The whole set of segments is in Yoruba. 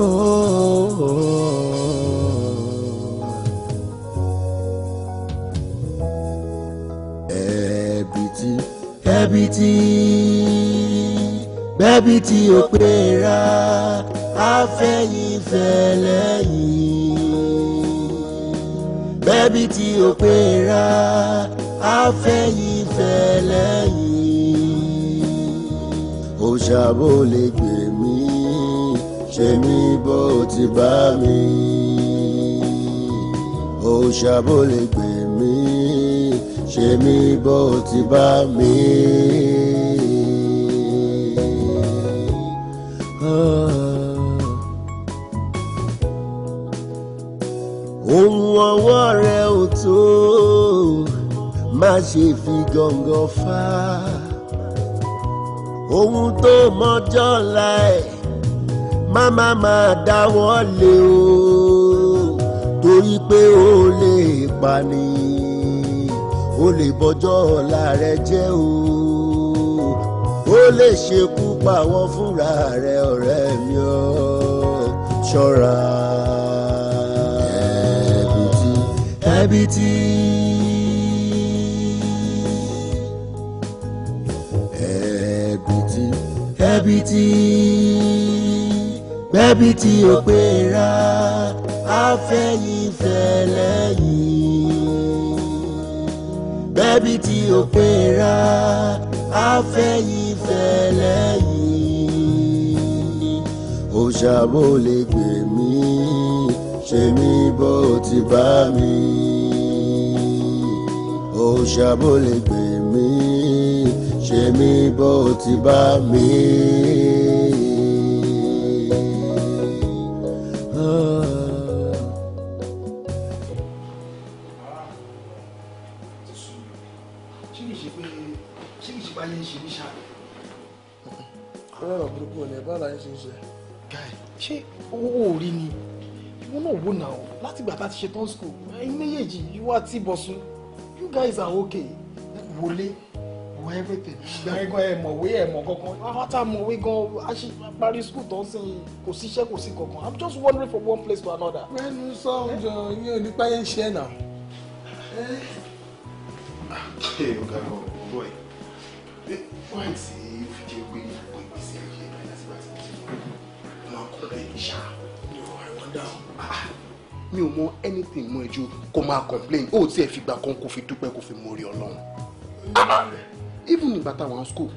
ẹ̀bìtì ẹ̀bìtì bẹ́bìtì ò pé ra afẹ́yìnfẹ́ lẹ́yìn bẹ́bìtì ò pé ra afẹ́yìnfẹ́ lẹ́yìn ó ṣàbò lè gbé ṣe mí bó ti bá mi ó ṣàbò lè gbè mí ṣe mí bó ti bá mi. Ah. ohun ọwọ́ rẹ ò tó má ṣe fi gàngàn fà ohun tó mọjọ́ la má má má dáwọ́ lé o torí pé o lè pani o lè bọjọ́ ọ̀la rẹ jẹ́ o o lè ṣekú pàwọ́ fúnra rẹ ọ̀rẹ́ mi ọ́ ṣọ́ra. ẹbí tí ẹbí tí bẹ́bí tí o pé ra afẹ́yìn fẹ́lẹ́ yìí bẹ́bí tí o pé ra afẹ́yìn fẹ́lẹ́ yìí o ṣàbò lè gbè mí ṣe mí bó ti bá mi o ṣàbò lè mí ṣe mí bó ti bá mi. ṣetán school ẹ̀yin méjèèjì ìwọ àti ìbọ̀sùn you guys are okay wọlé wọ everything gbẹ̀rẹ̀gbẹ̀ ẹ̀ mọ̀wé ẹ̀ mọ̀ kankan àwọn tá a mọ̀wé gan parí school tó ń sìn kò síṣẹ́ kò sí kankan i'm just wondering from one place to another. mẹ́nu sọ́ọ̀jọ̀ ní onípa yẹn ṣe náà. ṣé o ga lọ bọ̀ ẹ̀ wọ́n ti fi jẹ́ pé kò gbèsè ayé ẹ̀ mi ò mọ anything mọ ẹjọ kó máa complain ó tiẹ̀ fìgbà kan kò fi dúpẹ́ kò fi mórí ọlọ́run even ìgbà táwọn school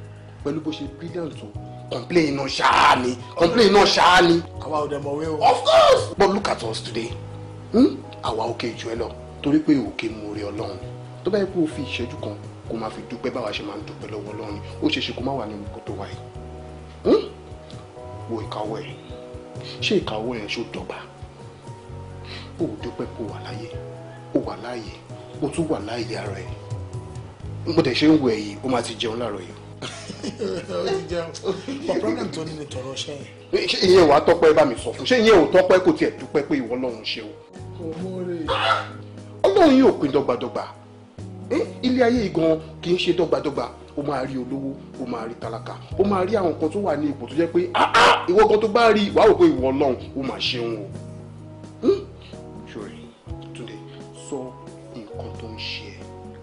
pẹ̀lú bó ṣe brilliant o complain náà ṣáá ni complain náà ṣáá ni. àwa ò dẹ̀ mọ̀ wé o. of course but look at us today hmm? àwa òkè jù ẹ lọ torí pé òkè mórí ọlọ́run tó bá yẹ kó o fi ìṣẹ́jú kan kó máa fi dúpẹ́ báwa ṣe máa ń dúpẹ́ lọ́wọ́ ọlọ́run ó ṣeéṣe kó má wà ní nǹkan tó wáyé hmm? wo ìkáwọ́ ẹ̀ ṣé ìkáwọ́ ẹ̀ ṣó dọ́gba ò dúpẹ́ kó wà láyé ó wà láàyè ó tún wà láàyè ara ẹ̀ mo tẹ̀ ṣe ń wẹ̀ yìí ó máa ti jẹun láàárọ̀ yìí. ó ti jẹun but problem tó ní ni tọrọ ṣe yẹn. ṣé ìyẹn wàá tọpẹ́ bá mi sọ fún ṣé ìyẹn ò tọpẹ́ kò tiẹ̀ dúpẹ́ pé ìwọ Ọlọ́run ṣe o. Ọlọ́run yóò pín dọ́gbadọ́gba ilé ayé yìí gan kì í ṣe dọ́gbadọ́gba o máa rí olówó o máa rí tálákà o máa rí àwọn kan tó wà ní ipò tó jẹ́ pé ah, ah, ìwọ kan tó bá rí wàá wò pé ìwọ Ọlọ́run o máa ṣeun o.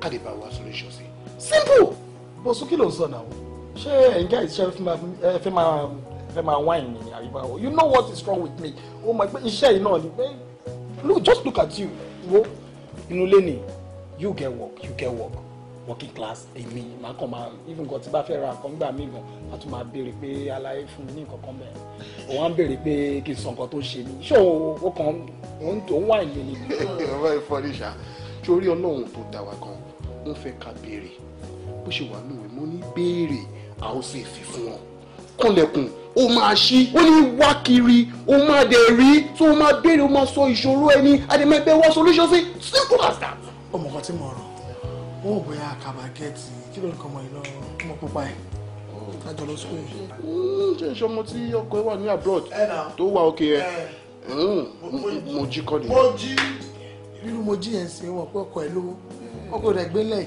ká lè bá wa solution sí simple bó sún kí ló ń sọ náà ṣé ẹ̀ǹgá ìṣe fẹ́ máa fẹ́ máa wáìn ní àríwá o you know what is wrong with me o mọ̀ pé iṣẹ́ yìí náà ni pé look just look at you wo inú ilé ni you get work you get work working class èmi màá kàn máa even gan tí bá fẹ́ ra nǹkan gbà mí gan a tún máa béèrè pé aláyé fún mi ní nǹkan kan bẹ́ẹ̀ o wá ń béèrè pé kì í sọ nǹkan tó ṣe mí ṣé o kàn ń wáìn ní ni. ọ̀rọ̀ ìfọ̀nìṣà torí ọlọ́run tó dá wa gan wọ́n fẹ́ ká béèrè bó ṣe wà nù wẹ̀ mo ní béèrè àwọn sì fi fún wọn kúnlẹ̀kùn ó máa ṣí ó ní wá kiri ó máa dẹ̀ rí tó o máa béèrè ó máa sọ ìṣòro ẹni àdèmẹ́gbẹ́ wá solution sí simple as that. ọmọ kan tí mo rọ wọn ò bóyá àkàbà gẹ̀ẹ́tì kí ló ń kọ́ ọmọ yìí lọ́wọ́ ọmọ pupa yìí lájọ oh. lọ sukùn yìí. Hmm, ṣé ìṣe ọmọ tí ọkọ ẹ wà ní abroad tó wà òkè ẹ hmm, mo jí kọ́ ni. mo jí irú mo jí yẹn sí wọn pé ọkọ ẹ lówó ọkọ rẹ̀ gbélé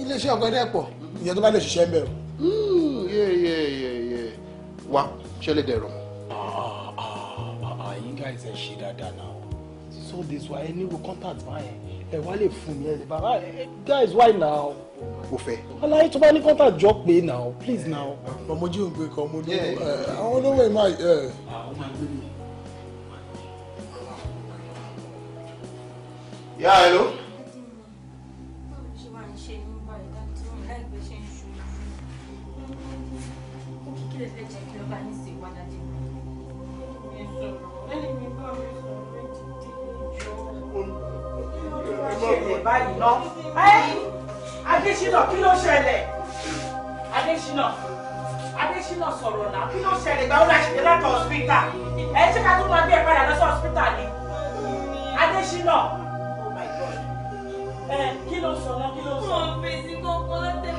iléeṣẹ́ ọ̀gẹ̀dẹ̀ pọ̀ ìyẹn tó bá lè ṣiṣẹ́ ń bẹ̀ o. Hmm, wa ṣe lè dẹ̀rọ. you guys ẹ ṣe dáadáa náà so this wa ẹ nílò contact báyẹn ẹ wá lè fún mi ẹ lè bàbá guys why now. o fẹ́. aláyé tó bá ní contact jọ pé now please now. ọmọ jí òun gbé kan ọmọ olówó àwọn olówó ẹ máa. Ah, àwọn máa gbé ṣẹlẹ̀ báyìí ná Adéṣínà kí ló ṣẹlẹ̀ Adéṣínà Adéṣínà sọ̀rọ̀ náà kí ló ṣẹlẹ̀ gbà ó la ṣẹlẹ̀ láti ọ̀sìpítà ẹ̀ ṣé ká tún máa gbé ẹ̀ padà lọ sí ọ̀sìpítà ni Adéṣínà oh my God ẹ̀ kí ló sọ náà kí ló sọ. mo fèsì kókó lọ́tẹ̀.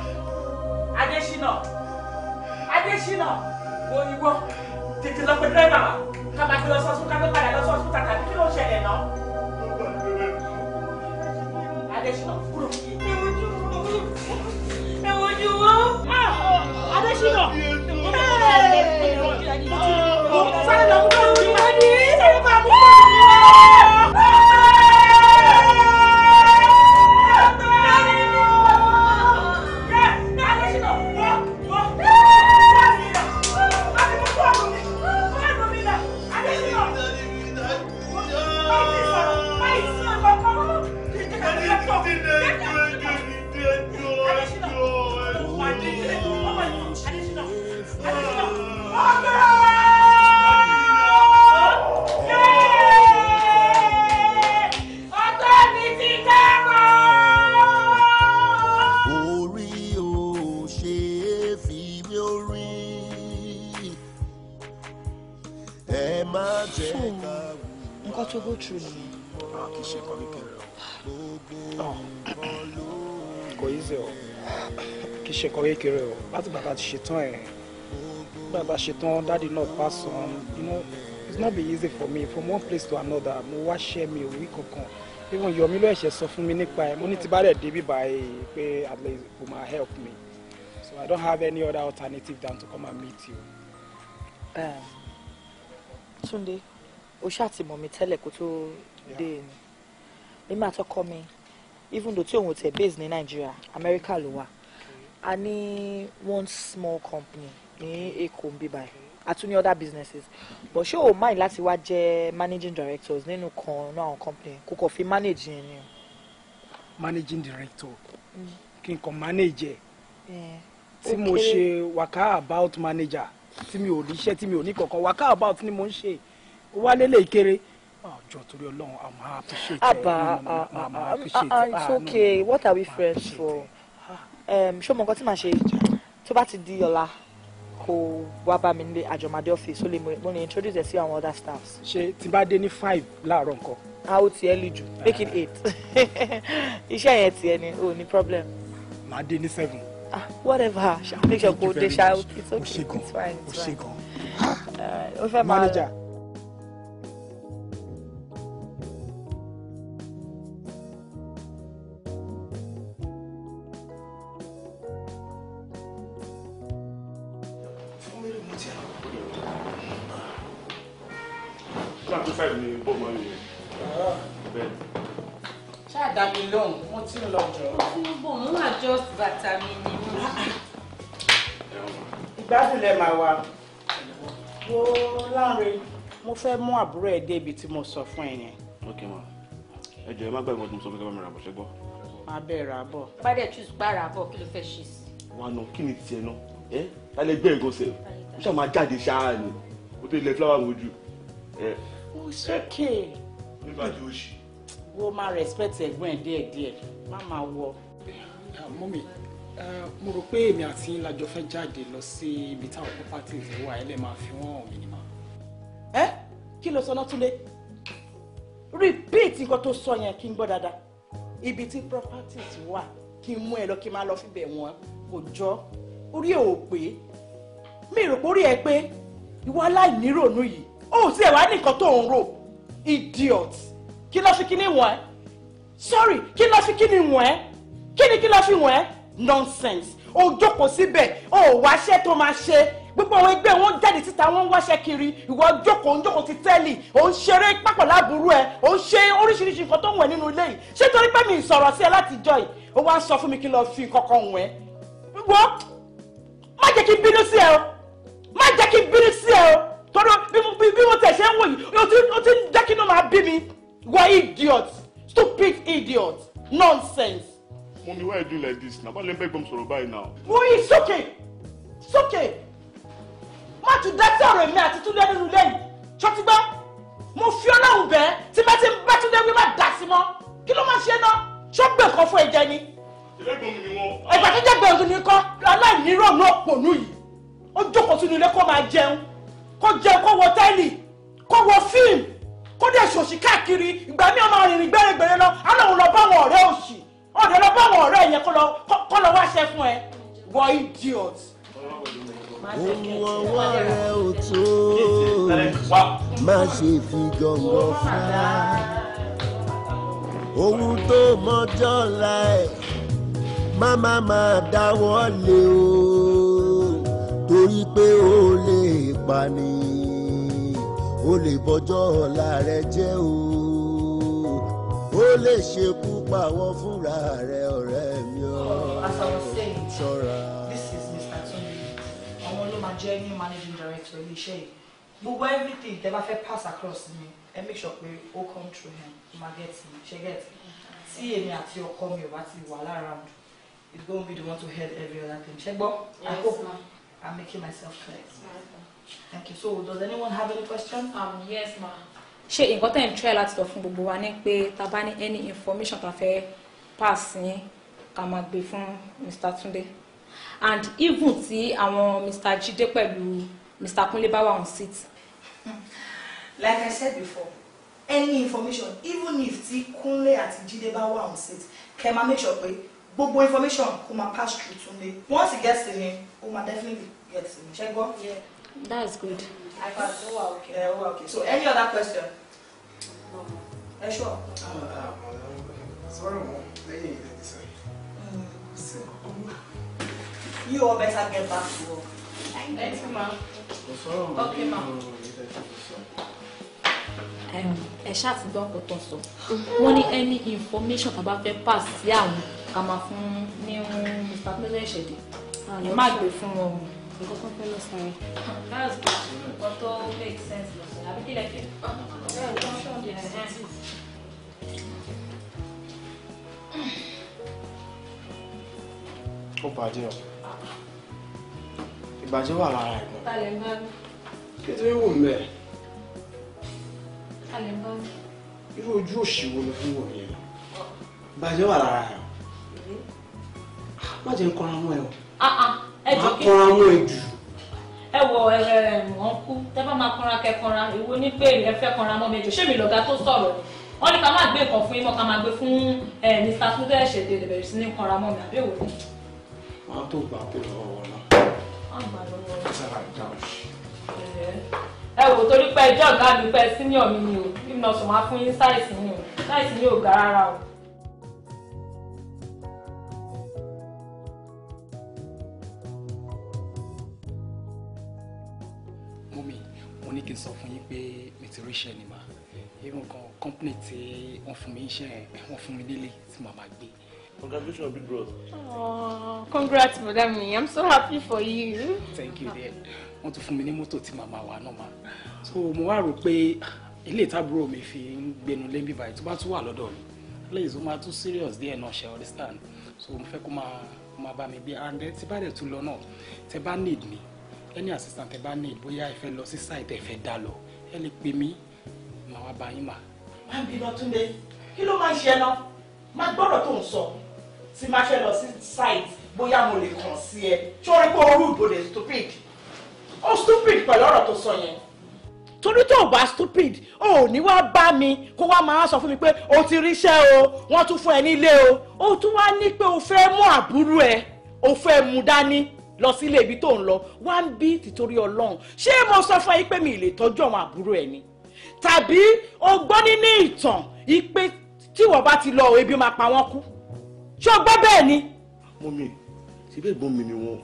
Adéṣínà Adéṣínà wo ìwọ tètè lọ pé dírẹ́bà wa ká máa fi lọ sọ́sùn ká tó padà lọ sọ́sùn tàbí kí ló ṣẹlẹ̀ náà. Adésínà kúrò. Ẹ wojú wọn. Adésínà. Sáré lọ ṣe kọ́ kékeré o láti gbà tá ti ṣetán ẹ̀ gbà ṣetán dáàdi náà pass on you know it's not be easy for me from one place to another mo wá ṣẹ́ mi òwú kankan even yomi ló ẹ̀ṣẹ̀ sọ fún mi nípa ẹ̀ mo ní ti bá rẹ̀ débi báyìí pé at least kò máa help me so I don't have any other alternative than to come and meet you. Um, Túndé o ṣàtìmọ̀ mi tẹ́lẹ̀ kó tó dé ni èmi àtọkọ mi even though tí òun ò tẹ̀ base ní Nàìjíríà Amẹ́ríkà ló wà a ní one small company ní Èkó ń bí báyìí àtún ní other businesses but ṣé o mind láti wá jẹ managing directors nínú kan náà àwọn company kò kàn fi manage yẹn ni managing director kí n kàn manage ẹ eh, tí mo ṣe waka about manager tí mi ò níṣẹ́ tí mi ò ní kankan waka about ni mo ń ṣe wálé lè kéré àjọ ah, torí Ọlọ́run àmọ́ appreciate ẹ àmọ́ appreciate ẹ àmọ́ appreciate ẹ it's ah, okay what are we friends for ṣé mo nǹkan tí màá ṣe tó bá ti di ọ̀la kò wá bá mi nílé àjọmọdé ọ́fíìsì ó lè mo lè introduce ẹ sí àwọn other staffs. ṣé tí bá dé ní five láàárọ̀ nǹkan. a ó tiẹ̀ lè jù make it eight iṣẹ́ yẹn tiẹ̀ ni o ní problem. màá dé ní seven. ah whatever make sure kò dé ṣá it's okay it's fine it's fine. Ah, manager. ti five ni bó máa ń yẹ. bẹ́ẹ̀. ṣáà mo ti mo ti ń bọ̀ mo máa jọ mo. ìgbádùn mo fẹ́ mú àbúrò ẹ̀ débi tí mo sọ fún ẹ yẹn. ok ma ẹ jọ ẹ má gbàgbọ́ tí mo sọ fún ẹ bá mi rà bọ̀ ṣẹ́gbọ́ máa bẹ̀rẹ̀ àbọ̀. bá dẹ̀ tún gbàrà àbọ̀ kí ló fẹ́ ṣe sí. wà á nà kí ni tiẹ̀ náà ẹ́ alẹ́ gbẹ́ ẹ̀gọ́sẹ̀ ṣáà máa jáde ṣáà ni o tó ilẹ̀ fúláwà wojú. ó sókè. nígbà tí ó ṣì. wo máa respect ẹ̀gbọ́n ẹ̀ díẹ̀díẹ̀ má máa wọ. Ah, mọ́mí eh, mo rò pé èmi àti yín lájọ fẹ́ jáde lọ sí ibi táwọn properties wà ẹ̀ lè máa fi wọ́n hàn mí ni mà. ẹ kí ló sọ náà túnde repeat nǹkan tó sọ yẹn kí n gbọ́ dáadáa ibi tí properties wà kí n mú ẹ lọ kí n máa lọ fi bẹ̀ kò jọ orí ẹ̀ ò pé mi rò pórí ẹ pé ìwọ aláìníròónú yìí ó sì ẹ̀ wá ní nǹkan tó ń rò idiot kí ló fi kíní wọ̀n ẹ́ sorry kí ló fi kíní wọ̀n ẹ́ kíni kí ló fi wọ̀n ẹ́ nonsense ó jókòó síbẹ̀ ó wáṣẹ́ tó máa ṣe gbogbo àwọn ẹgbẹ́ wọn jáde síta wọn wáṣẹ́ kiri ìwọ jókòó ń jókòó ti tẹ́lì ò ń ṣeré pápọ̀ láburú ẹ ò ń ṣe oríṣiríṣi nǹkan tó ń wẹ̀ nínú ilé yìí ṣé torí pé mi sọ̀rọ̀ sí ẹ láti jọ yìí ó wá sọ fún mi kí n lọ fi nǹkan kan wẹ̀ wọ́n má jẹ́ kí bínú sí ẹ o má jẹ́ kí n bínú sí ẹ o tọ́dọ̀ bí mo tẹ̀ ṣe ń wò yìí o ti ń jẹ́ kí ló máa bí mi wọ idiot stupid idiot nonsense. Mommy, why you do like this? Now, why you beg them sọ̀rọ̀ báyìí now? Mommy, it's okay. It's okay. Má tún dá sí ọ̀rọ̀ mi àti Túndé nínú ilé yìí. Ṣọtí gbọ́. Mo fi Ọlọ́run bẹ́ẹ̀ tí bá ti ń bá Túndé wí má dà sí mọ́. Kí ló máa ṣe náà? Ṣọ́gbẹ̀ kan fún ẹ̀jẹ̀ ni. Ẹgbẹ̀gbọ̀n mi ni wọ́n. Ẹgbẹ̀gbọ̀n mi ni kọ́. Aláìnírònú òpònú yìí ó jókòó sínú ilé kó máa jẹun kó jẹun kó wọ tẹ́lì kó wọ fíìmù kó dẹ̀ ṣòṣì káàkiri ìgbà míì ọmọ rìnrìn gbèrègbèrè lọ aláwọn lọ báwọn ọ̀rẹ́ òṣì ọ̀dẹ̀ lọ báwọn ọ̀rẹ́ yẹn kó lọ wáṣẹ fún ẹ wọ idiot. ohun ọwọ́ rẹ ò tó má ṣe fi gọ̀ǹgọ̀ fà á ohun tó mọjọ́ la ẹ̀ má má má dáwọ́ lé o torí pé ó lè pani ó lè bọjọ́ ọ̀la rẹ jẹ́ o ó lè ṣekú pa fúnra rẹ ọ̀rẹ́ mi ọ́ oh, ṣọ́ra. this is Mr. Tunde ọmọ ló máa jẹ́ managing director iléeṣẹ́ yìí gbogbo everything tẹ́ bá fẹ́ pass across mi ẹ make sure pé ó come through him ó máa get him ṣe get tí èmi àti ọkọ mi ò bá ti wà lára it's gonna be the one to head every other thing ṣẹ́gbọ́. yes ma. I'm making myself clear. Thank you. So, does anyone have any question? Um, yes, ma'am. ṣé nǹkan tẹ̀ ń try láti sọ fún gbogbo wa ni pé ta bá ní any information ta fẹ́ pass yín ká máa gbé fún Mr. Tunde and even tí àwọn Mr. Jide pẹ̀lú Mr. Kunle bá wà on seat. Like I said before any information even if ti Kunle àti Jide bá wà on seat kẹ́ máa make sure pé gbogbo information o ma pass through Tunde once he get to him, o ma definitely get to him. ṣe gbọ́. yeah is good. i pass o wa okay. Yeah, o okay so any other question. ẹ ṣọ. sọ̀rọ̀ mọ́ lẹ́yìn ilẹ̀ ti sọ̀rọ̀. you all better get back to work. thank you ma. okay ma. ẹ ṣáà ti gbọ́ ọkọ̀ tó sọ wọ́n ní any information about a bá fẹ́ pass sí àwọn ká máa fún ní mr pẹ́lẹ́ ìṣẹ̀dẹ̀ ah, ẹ má gbé fún wọn o nǹkan tó fẹ́ lọ sáré. that's good nǹkan tó make sense lọ sí àbí kílẹ̀ kí. ó bàjẹ́ o ìbàjẹ́ wà lára ẹ̀ náà. ta lè bá mi. kí ló ń wò mí ẹ̀. ta lè bá mi. irú ojú òṣìwò ló fi wò ìbàjẹ́ wà lára ẹ̀ má jẹ́ ń kọ́ra mọ́ ẹ o má kọ́ra mọ́ ẹ jù. ẹ wọ ẹrẹ ẹ wọn kú tẹ́ bá máa kọ́ra kẹ́ kọ́ra ìwo ní pé ẹ fẹ́ kọ́ra mọ́ mi jù ṣé mi lọ̀gá tó sọ̀rọ̀ wọ́n ní ká má gbé nǹkan fún yín mọ́ ká má gbé fún mr sunday ẹ̀ṣẹ̀ tẹ̀lé bẹ̀rẹ̀ sí ní kọ́ra mọ́ mi àbí èwo ni. wọn á tó gbà kó lọ́wọ́ náà. wọn gbà lọ́wọ́ ẹ wò torí pé ẹjọ́ ọ̀gá mi pé senior mi ni o bí mo sọ máa fún yín sáìsì ni o sáìsì ni ò ga rárá o. ní kí n sọ fún yín pé mi ti ríṣẹ́ ni mà even kan company tí wọ́n fún mi iṣẹ́ wọ́n fún mi nílé tí màá máa gbé. congratulations big bros. congrats madam mi i'm so happy for you. thank you dear wọ́n tún fún mi ní mọ́tò tí màá máa wà náà mà so mo wá rò pé ilé ìtàbúrò mi fi ń gbénu lé bíbá yìí tó bá tún wà lọ́dọ̀ mi please ó máa tún serious díẹ̀ náà ṣe understand so mo fẹ́ kó máa máa bá mi gbé and then tí bá dẹ̀ tún lọ náà tẹ bá need me ẹni assistant ẹ bá ní ìbóyá ẹ fẹ́ lọ sí site ẹ fẹ́ dá lọ ẹ lè pè mí màá wá bá yín mà. má bínú túnde kí ló máa ń ṣe ẹ náà má gbọ́dọ̀ tó ń sọ tí má fẹ́ lọ sí site bóyá mo lè kàn sí ẹ sórí pé orú ìbòdè stupid ó stupid pẹ̀lú ọ̀rọ̀ tó sọ yẹn torí tó bá stupid ò ní wá bá mi kó wá máa sọ fún mi pé o ti ríṣẹ́ o wọ́n tún fún ẹ nílé o o tún wá ní pé o fẹ́ mú àbúrò ẹ o fẹ́ mú dání lọ sílé ibi tó ń lọ wá ń bí tìtorí ọlọ́run ṣé mo sọ fún yín pé mi lè tọ́jú àwọn àbúrò ẹ̀ ni tàbí o gbọ́ nínú ìtàn ipe tí wọ́n bá ti lọ ebi máa pa wọ́n kú ṣé o gbọ́ bẹ́ẹ̀ ni. mo mi ṣe bẹ́ẹ̀ gbọ́n mi ni wọn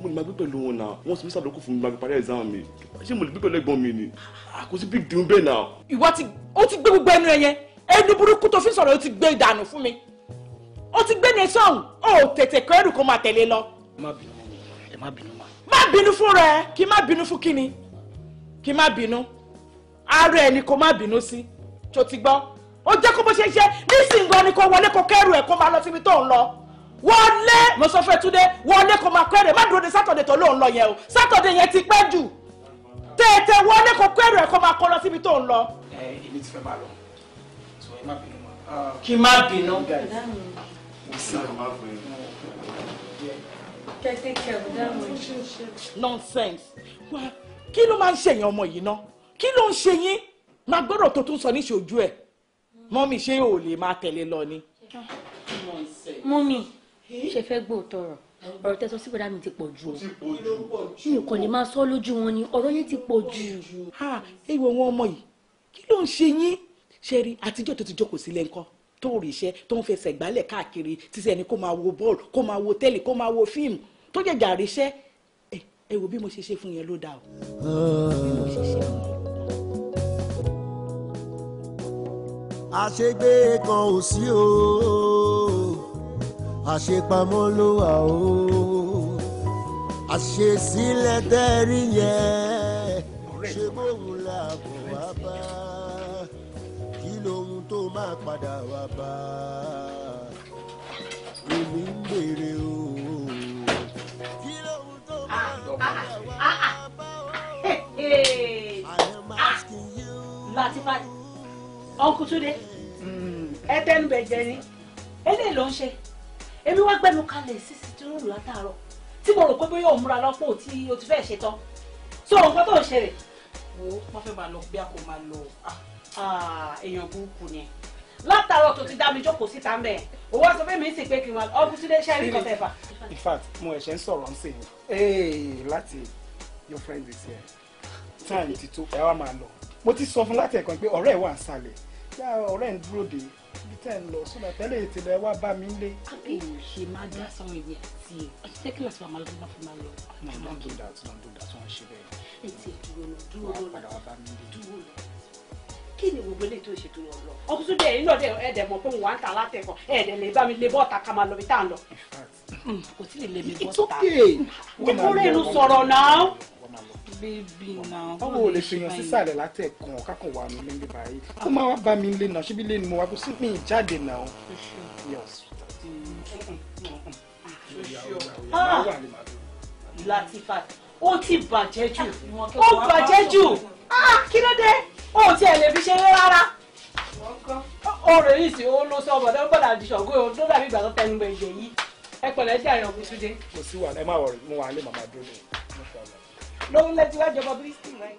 mo lè máa gbé pẹ̀lú wọn náà wọ́n sì ń sàdókò fún mi máa fi parí exam mi ṣé mo lè gbé pẹ̀lú ẹ̀gbọ́n mi ni kò sí big deal bẹ́ẹ̀ náà. ìwọ ti o ti gbé gbogbo ẹnu ẹ yẹn ẹnu burúkú tó fi sọ̀rọ̀ o ti gbé ìdànù fún mi o ti gbé ní sọ̀hún o tètè kọ́ kó máa tẹ̀lé lọ. má bínú ẹ má bínú ma. má bínú fún rẹ kí má bínú fún kíni kí má bínú ara ẹ ni kò má bínú sí tó ti gbọ́ ó jẹ́ kó bó ṣe ṣe nísìnyí gan ni kò wọlé kó kẹ́rù ẹ̀ kó máa lọ síbi tó ń lọ wọlé mo túndé wọlé kó máa kẹ́rù ẹ̀ má dúró de sátọ̀dé tó lóun lọ yẹn o sátọ̀dé yẹn ti pẹ́ jù tètè wọlé kó kẹ́rù ẹ̀ kó máa kó lọ síbi tó ń lọ. ẹ èmi ti fẹ́ máa lọ kí má bínú nonsense wá kí ló máa ń ṣe èèyàn ọmọ yìí ná kí ló ń ṣe yín máa gbọ́dọ̀ tó tún sọ ní ṣojú ẹ̀ mọ́mí ṣé ò lè máa tẹ̀lé lọ ni. mọ́mí ṣe fẹ́ gbóòótọ́ ọ̀rọ̀ ọ̀rọ̀ tẹ́sán sí bọ̀dá mi ti pọ̀ jù o mi kàn lè máa sọ lójú wọn ni ọ̀rọ̀ yẹn ti pọ̀ jù. ha ewo wọn ọmọ yìí kí ló ń ṣe yín ṣe rí àtijọ́ tó ti jókòó sílẹ̀ ńkọ́ tó rí iṣẹ́ tó ń fẹsẹ̀ gbálẹ̀ káàkiri títí ẹni kó máa wo bọ́ọ̀lù kó máa wo tẹ́lì kó máa wo fíìmù tó jẹjà àríṣẹ́ ẹ wo bí mo ṣe ṣe fún yẹn ló dáa o bí mo ṣe ṣe fún yẹn. àṣegbé kan ò sí o àṣepamọ́ ló wà o àṣesílẹ̀ tẹ́rí yẹn ṣe bóun là bọ̀ wá bá kí lóhun tó máa padà wá bá fatifati ọkùn túnde mm. ẹ tẹnu ni eléyìí ló ń ṣe èmi wá gbẹnu kalẹ̀ sísí tí ó lù látàárọ̀ tí mo rò pé bóyá òun múra lọ́pọ̀ tí o ti fẹ́ ṣe tán so nǹkan tó ń wo wọ́n fẹ́ máa lọ bí a kò máa lọ ah, ah, èèyàn burúkú ni látàárọ̀ tó ti dá mi jókòó síta mẹ́ẹ̀ òwò sọ fún mi sì pé kí n wá ọkùn túnde ṣẹ́rí kan tẹ̀fà. in fact mo ẹ̀ṣẹ̀ ń sọ̀rọ̀ ń sèyìn láti your friend is here time ti tó ẹ wá máa lọ mo ti sọ fún láti ẹ̀kan pé ọ̀rẹ́ wà sálẹ̀ yá ọ̀rẹ́ ń dúró de ibi tẹ́ ń lọ sódà tẹ́lẹ̀ ètè lẹ wá bá mi lé. àbí ṣe máa dá sọ̀rọ̀ èmi àti ẹ̀ ọtí tẹ́kí láti máa lọ máa fi máa lọ. no no do that no do that wọn ṣe bẹ́ẹ̀. lọ dúró lọ dúró lọ kí ni gbogbo eléyìí tó ṣe tó yọ lọ ọkùnrin tó dẹ yìí náà dẹ ẹdẹ mọ pé wọn à ń ta alátẹkọ ẹdẹ lè bá mi lè bọ́ọ̀ta ká máa lọ bí tá à ń lọ. kò tí lè lè mi bọ́ọ̀ta ìkúrẹ́ inú sọ̀rọ̀ náà. bébì báwo o lè fi yan sísàlẹ̀ látẹ̀kàn kákan wà mí lẹ́nu báyìí kó máa wá bá mi lé náà ṣíbí lé ni mo wá kó sí mi jáde náà. Latifat ó ti bàjẹ́ jù ó bàjẹ́ jù ah, kí ló dé o tiẹ̀ lè fi ṣeré rárá o rè yìí sí o ló sọ bọ̀dọ̀ bọ̀dà àdìsọ̀gó o tó dàbí ìgbà tó tẹnu gbẹ ìjẹ yìí ẹ pẹ̀lẹ́ jẹ́ àyàn ògùn túnde. kò sí wàhálà ẹ má wọrí mo wà á lè màmá dúró lórí lẹ́tí wájú ọba bírísítì rẹ̀.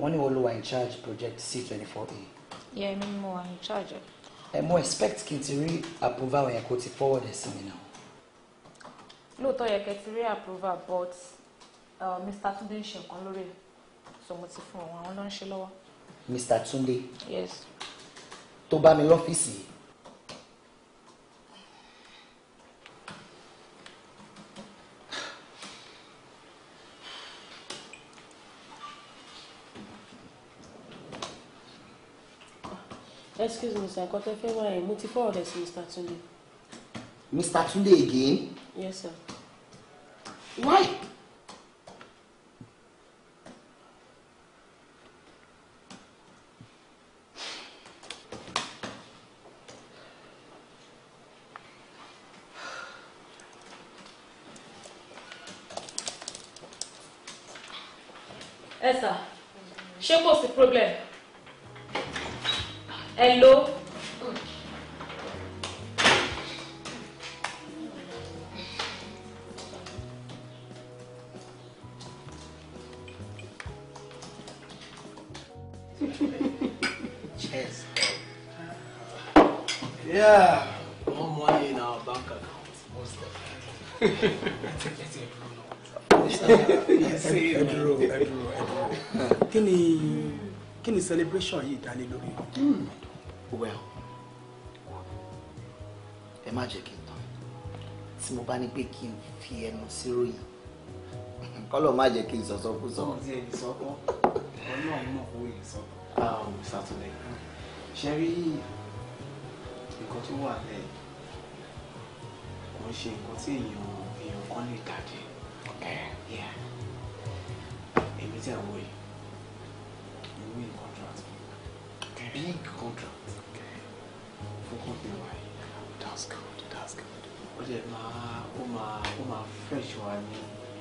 wọ́n ní wọ́n ló wà in charge project C24A. yẹ mi mo wà in charge. ẹ mo expect kí n ti rí approval yẹn kó ti forward ẹ sí mi náà. lóòótọ́ yẹ kẹ́ ti rí approval but uh, Mr. Tunde ń ṣe nǹkan lórí ẹ̀ so mo ti fún àwọn ló ń ṣe lọ́wọ́. Mr. Tunde. yes. tó bá mi lọ́fíìsì yìí excuse me sir nǹkan tẹ́ fẹ́ wá yẹn mo ti fọ̀rọ̀ Mr. Tunde. Mr. Tunde again. yes sir. why Yeah, more money in our bank account. Most definitely. you say it drew, I drew, I drew. Kí ni, kí celebration yìí dá lé Well, ẹ má jẹ́ kí n tán. Tí mo bá ní pé kí n fi ẹnu sí ròyìn, kọ́lọ̀ má jẹ́ kí n sọ̀sọ́ kú sọ. Ọ̀hún ti ẹ̀yìn sọ́kọ́, ọlọ́run ah, Saturday, ṣe nǹkan tó wà lẹ́yìn kò ń ṣe nǹkan tí èèyàn èèyàn kan lè dàdé èmi tí àwọn yìí mo win contract big contract fún company wa yìí that's good that's good ó dẹ̀ máa ó máa ó máa fresh wa ní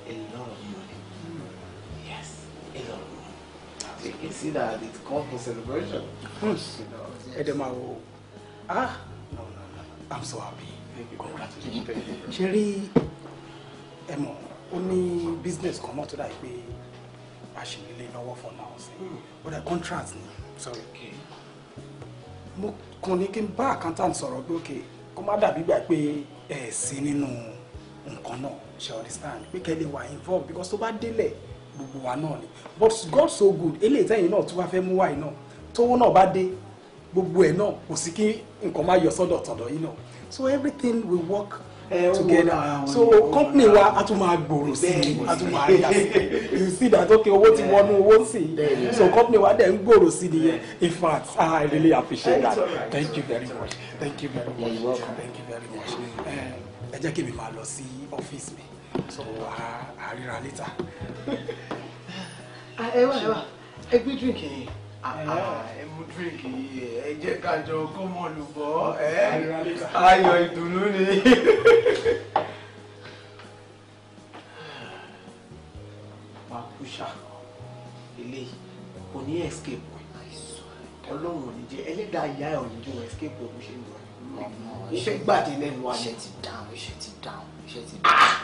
a lot of money hmm. yes a lot of money. you can see that it's called for celebration. Of course. Edemawo. Ah, i'm so happy congratulations ṣe rí ẹ mọ̀ ó business Come out today, dà pé a ṣì ń lé for now But I contrast. contract sorry okay. kàn ní kí n bá accountant sọ̀rọ̀ pé ok kó má dàbí gbà pé ẹ̀ sí nínú nǹkan náà understand We kẹ́lẹ́ be involved because tó bá délẹ̀ gbogbo wa náà but God so good eléyìí tẹ́yìn náà tó wá fẹ́ mú wáyé náà tówó náà bad day gbogbo ẹ̀ náà kò sí kí nǹkan má yọ sọ́dọ̀ tọ̀dọ̀ yìí náà so everything will work eh, together so company wa a tún máa gbòòrò sí i a tún máa yà sí i you see that okay owó ti wọnú owó sí i so company wa dẹ̀ ń gbòòrò sí i yẹn in fact ah, I really appreciate that thank you very much thank you very much thank you very much eh, ẹ jẹ́ kí mi máa lọ sí ọ́fíìsì mi so àríra later. Ah, ẹ wá ẹ wá ẹ gbé drink yẹn ẹ mú dírìkì ẹ jẹ́ ká jọ kó mọ̀ lù bọ́ ẹ ayọ̀ ìdùnnú ni. pàkúṣà eléyìí kò ní escape ọlọ́run ò ní jẹ́ ẹlẹ́dàá ìyá ẹ̀ ò ní jẹ́ òun escape òun ṣe ń lọ iṣẹ́ gbàdé lẹ́nu wa iṣẹ́ ti dáhùn iṣẹ́ ti dáhùn iṣẹ́ ti dáhùn.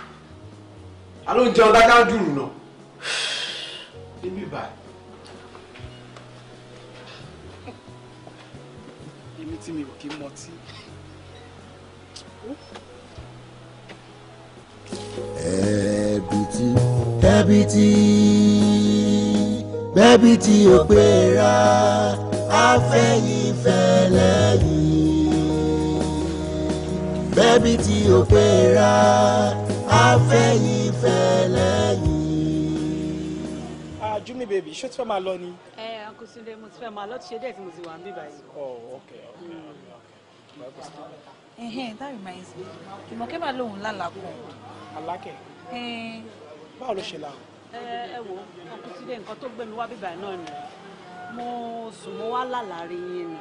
a ló ń jẹun dáadáa dùn nù náà níbí báyìí. èmi tí mi ò kí mọtí. ẹ̀bìtì ẹ̀bìtì bẹ́bìtì ò pé ra afẹ́yìnfẹ́ lẹ́yìn bẹ́bìtì ò pé ra afẹ́yìnfẹ́ lẹ́yìn. àjùmí bèbí ṣé tí wọ́n máa lọ ni. Kúsúndé mo ti fẹ́ máa lọ́ọ́ ti ṣe dẹ́ẹ̀ tí mo ti wà ń bí báyìí. oh okay okay hmm. that reminds me. Ìmọ̀kẹ́ máa lóun lálàá kan. Alákẹ̀. Báwo ló ṣe la? Ẹ wo, ọkùnrin nǹkan tó gbé mi wá bíbà náà ni. Mo sùn mo wá lálàá rí yín ni.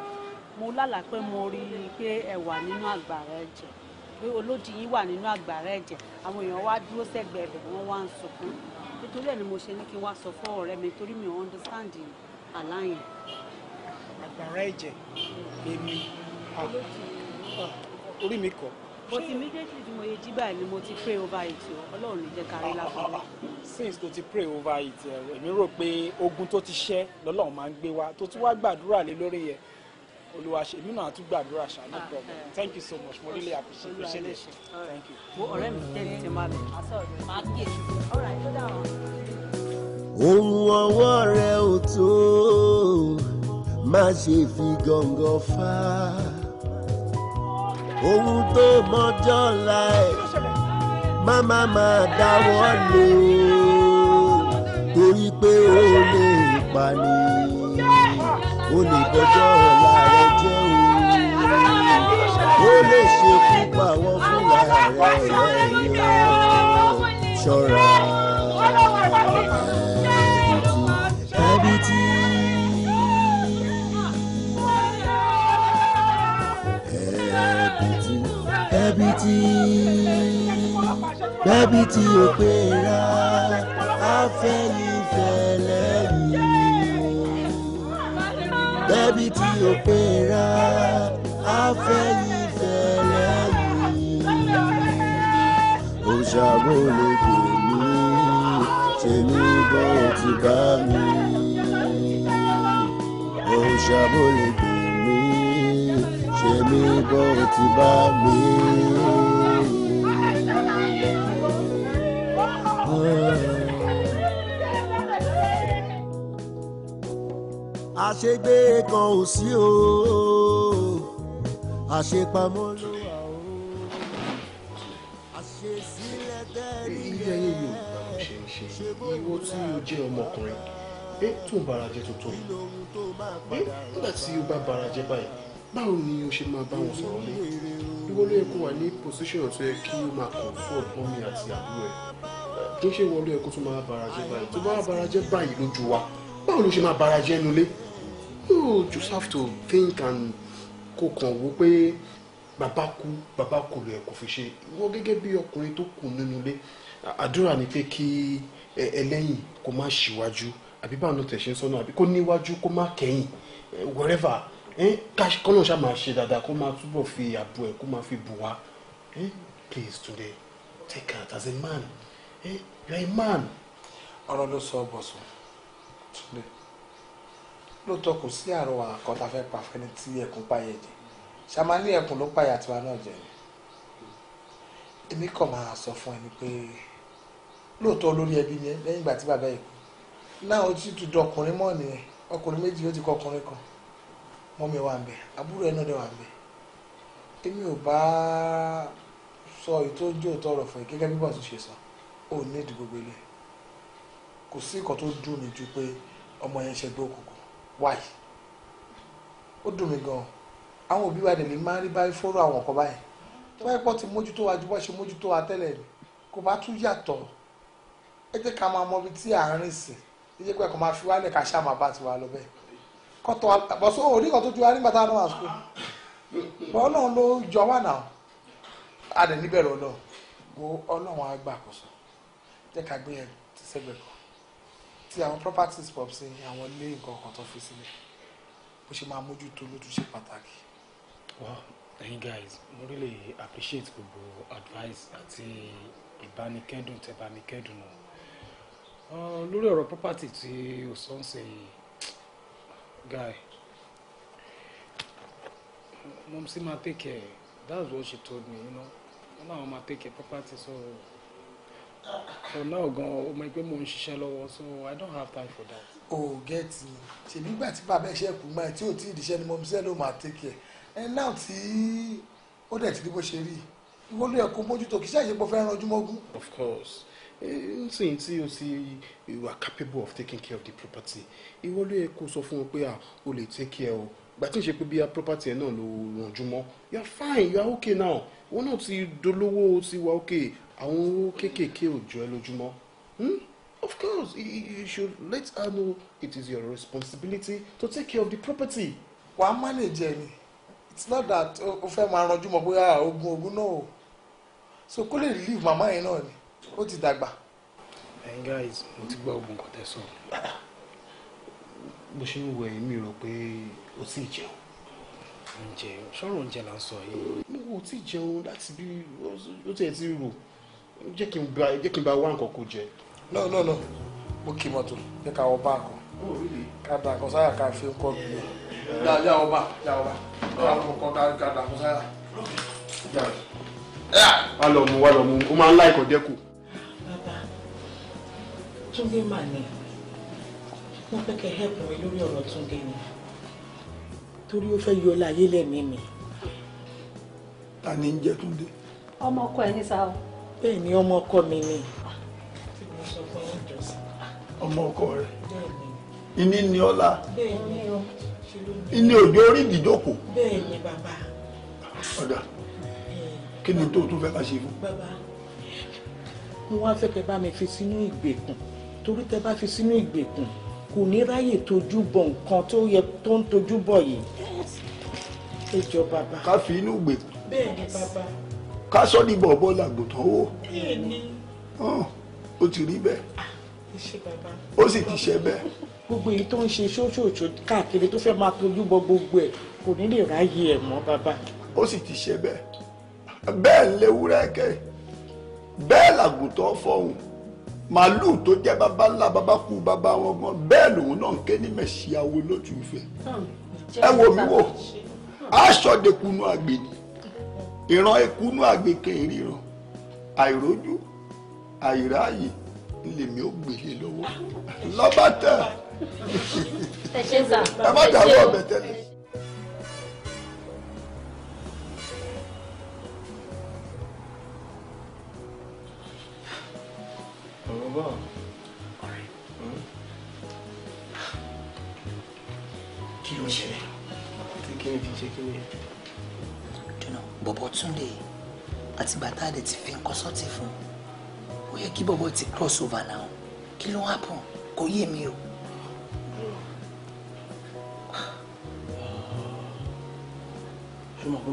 Mo lálàá pé mo rí i pé ẹ wà nínú àgbàrá ẹ̀jẹ̀. Pé olódì yín wà nínú àgbàrá ẹ̀jẹ̀. Àwọn èèyàn wá dúró sẹ́gbẹ̀ẹ́ bẹ̀ wọ́n wá ń sunkún. Nítorí ẹ̀ ni mo ṣe ní kí n wá sọ fún ọ̀rẹ́ mi torí mi ò understand yìí àlá yẹn. ẹ̀jẹ̀ èmi orí mi kọ. but immediately tí mo yẹ jí báyìí ni mo ti pray over it o ọlọ́run ló jẹ́ ká rí ah, ah, ah, since to ti pray over it eh, èmi rò pé ogun tó ti ṣẹ́ lọ́lọ́run máa ń gbé wa tó tún wá gbàdúrà lé lórí yẹn olúwa ṣe èmi náà tún gbàdúrà ṣá no problem eh. thank you so much mo really appreciate it thank you. ọ̀rẹ́ mi tẹ́lẹ̀ tẹ́ máa bẹ̀. màá kí èso ọ̀rẹ́ tó dáhùn ohun ọwọ́ rẹ ò tó má ṣe fi gàngàn fà á ohun tó mọjọ́ la ẹ̀ má má má dáwọ́ lé o torí pé o lè pani o lè bọjọ́ ọ̀la rẹ jẹ́ o lè ṣekú pa wọ́n fúnra rẹ rẹ yẹn ṣọ́ra. bẹ́bí tí bẹ́bí tí o pé ra afẹ́yìnfẹ́ lẹ́yìn bẹ́bí tí o pé ra afẹ́yìnfẹ́ lẹ́yìn o ṣàbòlè tèmi tèmi bọ́ ti bá mi o ṣàbòlè tèmi ṣe mí ti bá mi. Ah. àṣegbé kan ò sí o àṣepamọ́ ló wà o àṣesílẹ̀ tẹ́lẹ̀ ilé ayé yorùbá ló ṣe ń ṣe ìwọ tí o jẹ́ ọmọkùnrin ẹ tó tuntun nígbà tí o bá bara báyìí báwo ni o ṣe máa bá wọn sọ̀rọ̀ lé ìwọ ló yẹ kó wà ní pòsíṣàn tó yẹ kí o máa comfort mọ́mí àti àbúrò ẹ̀ kí n ṣe wọ ló yẹ kó tún máa bara jẹ́ báyìí tó bá bara jẹ́ báyìí lójú wa báwo ló ṣe máa bara jẹ́ nulẹ̀ you just have to think and kó kàn wó pé bàbá kú bàbá kò lọ ẹ̀ kò fi ṣe ìwọ gẹ́gẹ́ bí ọkùnrin tó kù nínú ilé àdúrà ni pé kí ẹlẹ́yìn kó má ṣíwájú àbí báwọn tẹ̀sí sọ́nà àbí kó níwájú kó má kẹ́yìn wherever kọ́nà ṣáà máa ṣe dáadáa kó máa túbọ̀ fi àbò ẹ̀ kó máa fi bù wá please today take out as a man you are a man. ọ̀rọ̀ ló sọ bọ̀sùn today lóòótọ́ kò sí àrùn àkàn tá a fẹ́ pa fẹ́ni tí ẹkùn páyẹ̀ jẹ ṣàmálí ẹkùn ló páyà tiwa náà jẹ èmi kàn máa sọ fún ẹni pé lóòótọ́ olórí ẹbí yẹn lẹ́yìn ìgbà tí bàbá yìí kú náà ó ti dùdú ọkùnrin mọ́ nìyẹn ọkùnrin méjì ó ti kọ ọkùnrin kan mọ́mí wà ń bẹ̀ àbúrò ẹ̀ náà dẹ̀ wà ń bẹ̀ èmi ò bá sọ ìtọ́jú òótọ́ ọ̀rọ̀ fún ẹ gẹ́gẹ́ bí bàtú ṣe sọ ò ní ìdí gbogbo ilé kò sí nǹkan tó dùn mí ju pé ọmọ yẹn ṣe gbé òkùnkùn wáyé ó dùn mí gan àwọn òbí wa dẹ̀lé máa ń rí báyìí fọ́rọ̀ àwọn ọ̀kọ́ báyìí tó bá yẹ ti mójútó wa ju bá ṣe mójútó wa tẹ́lẹ̀ ni kò bá tún yàtọ̀ ẹ jẹ́ ká máa mọ ibi tí à ń rìn sí ẹ jẹ́ pé ẹ máa fi wálẹ̀ ká ṣáà máa bá tiwa lọ bẹ́ẹ̀ kọtọ àbọ̀sọ oníkan tó ju wa tá a náà wà sùkúl bọ́ ọlọ́run ló jọ wà náà adẹ̀ níbẹ̀ lọ lọ wo ọlọ́run á gbà àkóso jẹ́ ká gbé yẹn ti sẹ́gbẹ̀ kan ti àwọn properties pop sí àwọn ilé nǹkan kan tó fi sílẹ̀ bó ṣe máa mójútó ló tún ṣe pàtàkì. well hey guys mo really appreciate gbogbo advice àti ìbánikẹ́dùn tẹ̀bánikẹ́dùn náà lórí ọ̀rọ̀ property tí o sọ ń ṣe Guy, Momsi ma take care. That's what she told me, you know. Now ma take care property, so. so now, go. My grandma pé mo ń so I don't have time for that. Oh, get me. She ìgbà tí bàbá ẹ̀ ṣe kú mọ́ ẹ̀ tí ò tí ì díṣẹ́ ni Momsi ẹ̀ take care. And now tí oh, that's the rí bó ṣe rí, ìwọ ló yẹ kó mójútó kí ṣáà ṣe pọ̀ fẹ́ ranjú mọ́gún. Of course nsìn tí o sì you are capable of taking care of the property ìwọ ló yẹ kó sọ fún wọn pé ah o lè take care o gbà tí n ṣe pé bí a property ẹ náà ló rànjú mọ́ you are fine you are okay now wọn náà ti dolówó o ti wà okay àwọn owó kéékèèké ò jọ ẹ lójúmọ́ hmm? of course you, you should let her know it is your responsibility to take care of the property. wà á manage ni it's not that o fẹ́ máa ranjú mọ́ bóyá ogun ogun náà o so kó lè leave màmá yẹn náà ni ó ti dàgbà. ẹ̀yin guys mo ti gbọ́ ogun kọtẹ sọ bó ṣe ń wọ ẹ̀yìn mi rò pé o ti jẹun oúnjẹ sọ̀rọ̀ oúnjẹ là ń sọ yìí. mi ò tí ì jẹun láti bí ó tiẹ̀ ti rò jẹ́ kí n bá jẹ́ kí n bá wá nǹkan kó jẹ. no no no mo kì í mọ̀tò jẹ́ ká wọ báàkù oh, ká da àkọ́ sáyà ká fi ń kọ́ bí mi. yà yà wọ bá yà wọ bá oh. ká wọ kọ́ ká da àkọ́ sáyà. wà á lọ mú wà á lọ mú o máa ń láìkọ̀ dẹ́kù. Túndé mà ní wọ́n fẹ́ kẹ́ help mi lórí ọ̀rọ̀ Túndé ni torí ó fẹ́ yọ láyé lẹ́mìí mi. ta ni ń jẹ Túndé. ọmọ ọkọ ẹ ní sáà o. bẹ́ẹ̀ ni ọmọ ọkọ mi ni. ọmọ ọkọ rẹ ìní ni ọlá ìní òjò orí ìdíjókòó. bẹ́ẹ̀ ni bàbá. ọ̀dà kí ni tó tún fẹ́ ká ṣe fún. bàbá mo wá fẹ́ kẹ́ bá mi fi sínú ìgbèkùn torí tẹ bá fi sínú ìgbèkùn kò ní ráyè tójú bọ nǹkan tó yẹ tó ń tójú bọ yìí ẹ jọ bàbá. ká fi inú ìgbèkùn. bẹ́ẹ̀ni bàbá. ká sọ ní bọ̀bọ̀ làgùntàn wò. bẹ́ẹ̀ni. ó ti rí bẹ́ẹ̀. Ah, ó sì ti ṣe bẹ́ẹ̀. gbogbo èyí tó ń ṣe ṣóṣòṣò káàkiri tó fẹ́ máa tójú bọ gbogbo ẹ̀ kò ní lè ráyè ẹ̀ mọ́ bàbá. ó sì ti ṣe bẹ́ẹ̀ bẹ́ẹ̀ léwúrẹ́ kẹ́ bẹ́ẹ̀ làgùntàn fọ̀hùn màálù tó jẹ́ bàbá ńlá bàbá kú bàbá wọn gan bẹ́ẹ̀ lòun náà ń ké ní mẹ̀síáwó lójú ìfẹ́ ẹ wo mi wò aṣọ́dẹ̀kunú àgbèdì ìran ekunú àgbèkè ìríran àìrójú àìráàyè lèmi ò gbèlè lọ́wọ́ lọ́bàtà ẹ má dàrú ọ̀bẹ tẹ́lẹ̀. Bàbá. Ọ̀rẹ́. Kí ló ń ṣẹlẹ̀? Àti kí ni ti ṣe kí ni? Jọ̀nà, bọ̀bọ̀ Túndé àti bàtà rẹ̀ ti fi nǹkan sọ́ọ̀tì fún. Ó yẹ kí bọ̀bọ̀ ti cross over now. Kí ló ń happen? Kò yé mi o. Ṣé mo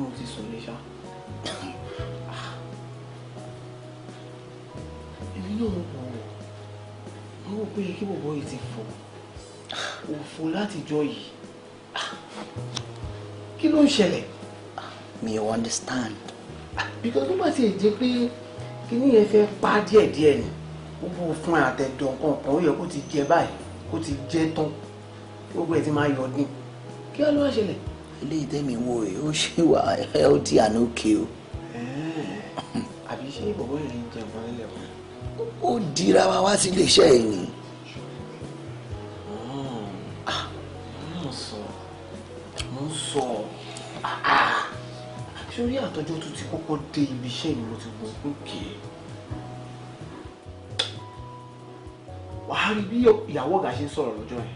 pé owó pé kí bọ̀bọ̀ yìí ti fò kò fò látijọ́ yìí kí ló ń ṣẹlẹ̀. mi ò understand. because nígbà tí èjì pé kíní yẹn fẹ́ pa díẹ̀díẹ̀ ni gbogbo fún àtẹ̀dọ̀ nǹkan kan ó yẹ kó ti jẹ báyìí kó ti jẹ tán gbogbo ẹ̀ ti máa yọ dín kí wá ló wá ṣẹlẹ̀. eléyìí tẹ́mi wo ẹ̀ ó ṣe wà healthy and okay o àbí ṣé bàbá ìrìn jẹ nǹkan nílẹ̀ wọn. ó dira wa wá sí iléeṣẹ́ ẹ̀ ni. Hmm. Ah, mo sọ mo sọ sórí ah, ah. àtọ́jú tó ti kọ́kọ́ dé ibi iṣẹ́ ni mo ti gbọ́ òkè. wàá rí bí ìyàwó ọ̀gá ṣe ń sọ̀rọ̀ lọ́jọ́ ẹ̀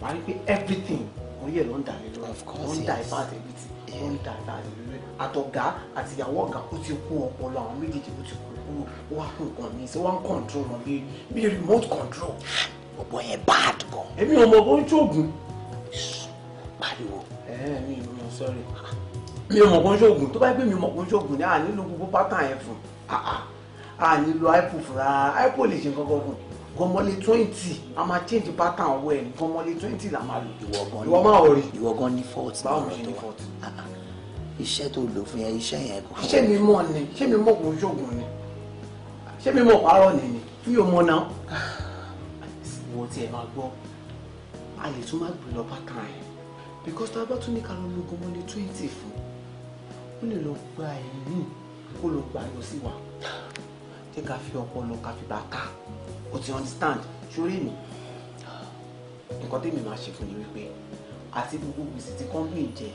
wàá rí pé everything orí ẹ̀ ló ń dà lé lórí ló ń dà ẹ̀ bá àtẹ̀bìtì ìyọnu dáadáa ìrírí àtọ̀gá àti ìyàwó ọ̀gá ó ti kó ọpọlọ àwọn méjèèjì ó ti kó kúrò ó wá kó nǹkan mi sí wá ń control wọn bíi bíi remote control. gbogbo yẹn bad gan. èmi ò mọ bó ń ṣoògùn. pariwo. ẹ mi ò mọ sọrí. mi ò mọ bó ń ṣoògùn tó bá gbé mi mọ bó ń ṣoògùn ni a nílò gbogbo pátá yẹn fún ah, ah. a nílò ipo fúnra ipo lè ṣe nǹkan kan fún gọmọlé twenty a máa change pattern ọwọ́ ẹ̀ gọmọlé twenty la máa lò. ìwọ gan ni ìwọ máa wọrí. ìwọ gan ni fault. báwo ni ṣe ni fault. iṣẹ́ tó lò fún yẹn iṣẹ́ yẹn kò. ṣé mi mọ̀ ni ṣé mi mọ̀ kò ń ṣoògùn ni ṣé mi mọ̀ parọ́ ni ni mi ò mọ̀ náà. ìwọ tí máa gbọ́ a lè tún máa gbé lọ pattern ẹ̀ because tá a bá tún ní ká lọ lo gọmọlé twenty fún ó lè lọ gba ẹ̀mí kó lọ gbà lọ sí wa jẹ́ ká fi ọpọlọ ká fi bá ká o ti understand sórí mi nǹkan tèmi máa ṣe fún ni wípé àti gbogbo gbèsè tí company jẹ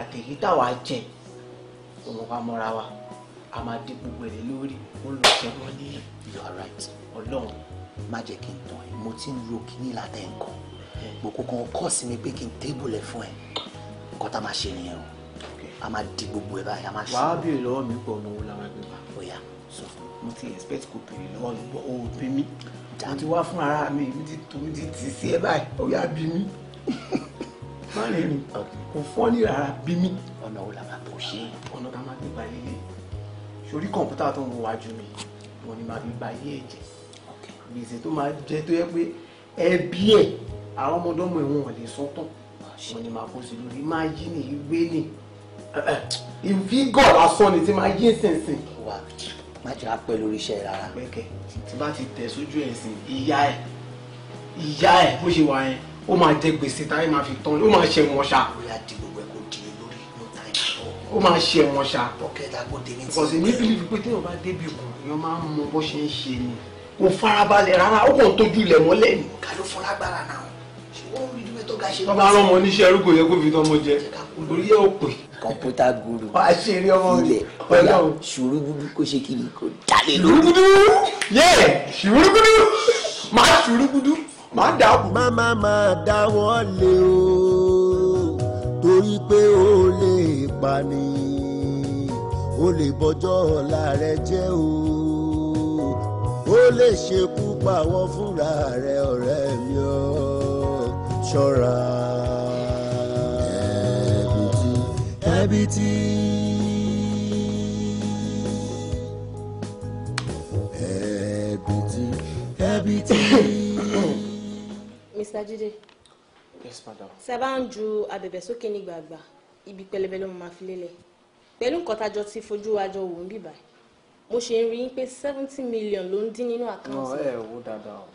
àtẹ̀yí táwa jẹ òun wa mọ́ra wa a máa dín gbogbo ẹ̀ lórí ó lọ jẹ́ wọ́n ní. you are right ọlọ́run má jẹ́ kí n tàn ẹ́ mo ti ń ro kíní látẹ̀ nǹkan gbogbo kan kọ́ sí mi pé kí n tébùlù fún ẹ nǹkan tá a máa ṣe nìyẹn o a máa di gbogbo ẹ̀ báyìí a máa ṣe. wàá bèrè lọ́wọ́ mi pọ̀ ọ̀nà wo la máa bá. ó yá sọ fún mi mo ti expect kò béèrè lọ́wọ́ mi bọ́ bí mi mo ti wá fún ara mi mi ti tó mi ti tì sí ẹ báyìí ó yá bí mi má rìnrìn kò fọ́ ní rárá bí mi. ọ̀nà wo la máa tó ṣe. ọ̀nà tá a máa gbé ba ilé sórí kọ̀ǹpútà tó ń wájú mi wọn ni máa fi ba ilé ẹ̀jẹ̀ gbèsè tó máa jẹ tó yẹ pé ẹbí ẹ̀ àwọn ọmọdọ́mọ ìwọ̀n ò lè sọ tán ah, ni máa kó sí lórí máa yí ni ìwé ni ìfígọ̀ lásán ni ti máa yí ìsinsìn má jẹ́ apẹ́ lórí iṣẹ́ rárá. pẹ́kẹ́ tí bá ti tẹ̀ sójú ẹ̀ sìn ìyá ẹ̀ ìyá ẹ̀ bó ṣe wà yẹn ó máa jẹ gbèsè táyé máa fi tán ó máa ṣe wọn ṣá. bóyá di gbogbo ẹ kò di lórí no time at all. ó máa ṣe wọn ṣá. pocket agbóde ní ti. kọ̀sẹ̀ ní bílíbi pé téèyàn bá débi òkun èèyàn máa ń mọ bó ṣe ń ṣe ni kò farabalẹ̀ rárá ó kàn tójú ilẹ̀ mọ́lẹ̀ ni. ká ló náà ṣùgbọ́n ó rí tó ga ṣe. tọ́ba arán ọmọ oníṣẹ́ arúgbó yẹ kó fi tán mọ́ jẹ. ká olórí ẹ̀ ò pè. kọ̀ǹpútà guru àṣírí ọmọ rẹ̀ ọ̀yà ṣùrùgùdù kò ṣe kí ni kò dálé lórí. ṣùrùgùdù yẹ ṣùrùgùdù máa ṣùrùgùdù máa dàbò. máma máa dá wọn lé o torí pé o lè pani o lè bọjọ́ ọ̀la rẹ jẹ́ o ó lè ṣekú pa àwọn fúnra rẹ̀ ọ̀rẹ́ mi ọ ṣọ́ra. jẹ̀bìtì. Mr. Jide. yes madam. sábà ń ju abẹ̀bẹ̀ sókè ní gbàgbà ibi pẹlẹbẹ ló máa fi lélẹ̀ pẹ̀lú nǹkan tájọ ti fojú ajọ wò ń bíbà mo ṣe ń rí i pé seventy million ló ń dín nínú àkáǹtì. ẹ wo dáadáa o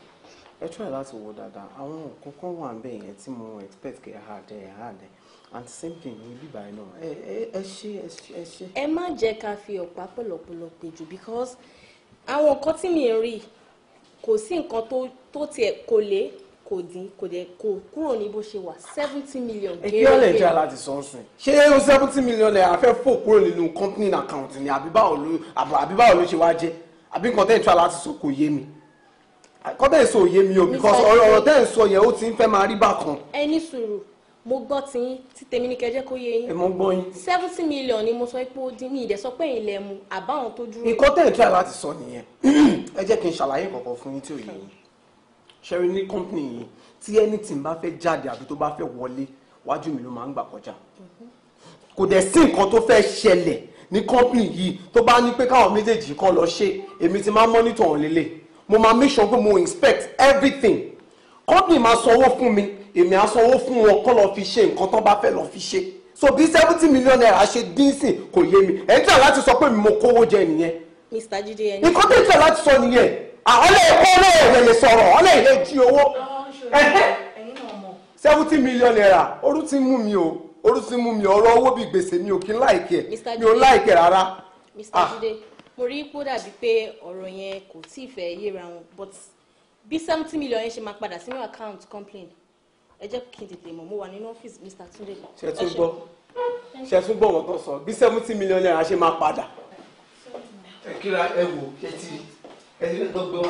ẹ tún ẹ láti wo dáadáa àwọn nǹkan kan wà ń bẹ yẹn tí mo expect kí ẹ hà dẹ ẹ hà dẹ and same thing ní bíbá yìí náà ẹ ṣe ẹ ṣe. ẹ má jẹ́ ká fi ọ̀pá pọ̀lọ̀pọ̀lọ̀ pè jù because àwọn nǹkan tí mi rí kò sí nǹkan tó tiẹ̀ kò lé kò dín kò dẹ̀ kò kúrò ní bó ṣe wà seventy million gẹ́gẹ́. èkí ọ̀lẹ̀ jẹ́ aláti sọ ń sìn ṣé ó seventy million lẹ̀ àfẹ́ fò kúrò nínú company account ni àbí báwo ló àbí báwo ló ṣe wá jẹ́ àbí nǹkan tẹ́ ń tọ́ aláti sọ kò yé mi kọ́ tẹ́ ń sọ òye mi o because ọ̀rọ̀ tẹ́ ń sọ yẹn ó ti ń fẹ́ máa rí bákan. ẹ sùúrù mo gbọ́ ti yín tí tèmi ní kẹjẹ́ kó yé yín. ẹ mọ gbọ́ yín. seventy million ni mo sọ pé ó dín ní ìdẹ́sọ pé ilẹ̀ mu àbáwọn tó dúró. nǹkan tẹ̀ ń tíra láti sọ nìyẹn ẹ jẹ́ kí n ṣàlàyé kọ̀ọ̀kan fún yín tí ò yé yín ṣẹ́rí ní company yìí tí anything bá fẹ́ jáde àbí tó bá fẹ́ wọlé wájú mi ló máa ń gbà kọjá mm-hmm. kò dẹ̀ sí nǹkan tó fẹ́ ṣẹlẹ̀ ní company yìí tó bá ní pé káwọn méjèèjì kan lọ ṣe èmi ti máa ń monitor wọn lélẹ̀ mo máa make sure pé mo inspect everything company máa sanwó fún mi èmi á sanwó fún wọn kọ́ lọ́ọ́ fi ṣe nǹkan tán bá fẹ́ lọ́ọ́ fi ṣe so bí seventy million naira ṣe dín sí kò yé mi ẹ̀ ń tẹ̀ láti sọ pé mo kówó jẹ nìyẹn. Mr. Jide ẹni. nǹkan tó ń tẹ̀ láti sọ nìyẹn ah, ọlẹ́ ẹ̀kọ́ ọlẹ́ ẹ̀ sọ̀rọ̀ ọlẹ́ ẹ̀ jí owó seventy million naira orú ti mú mi o orú ti mú mi ọ̀rọ̀ owó bíi gbèsè mi ò kí ń láìkẹ́ mi ò láìkẹ́ rárá. Mr. Ah. Jide mo rí kó dàbí pé ọ̀rọ̀ yẹn kò tí ì fẹ́ yéra wọn but bí seventy million yẹn ṣe máa padà sínú account complain ẹ jẹ́ kí n tètè mọ̀ mo wà nínú ọ́fíìsì Mr. Tunde. ṣe tún gbọ́ ṣe tún gbọ́ wọ́n tó sọ bí seventy million naira ṣe máa padà. ẹ kíra ẹ wò ẹ ti ẹ ti lọ gbé wa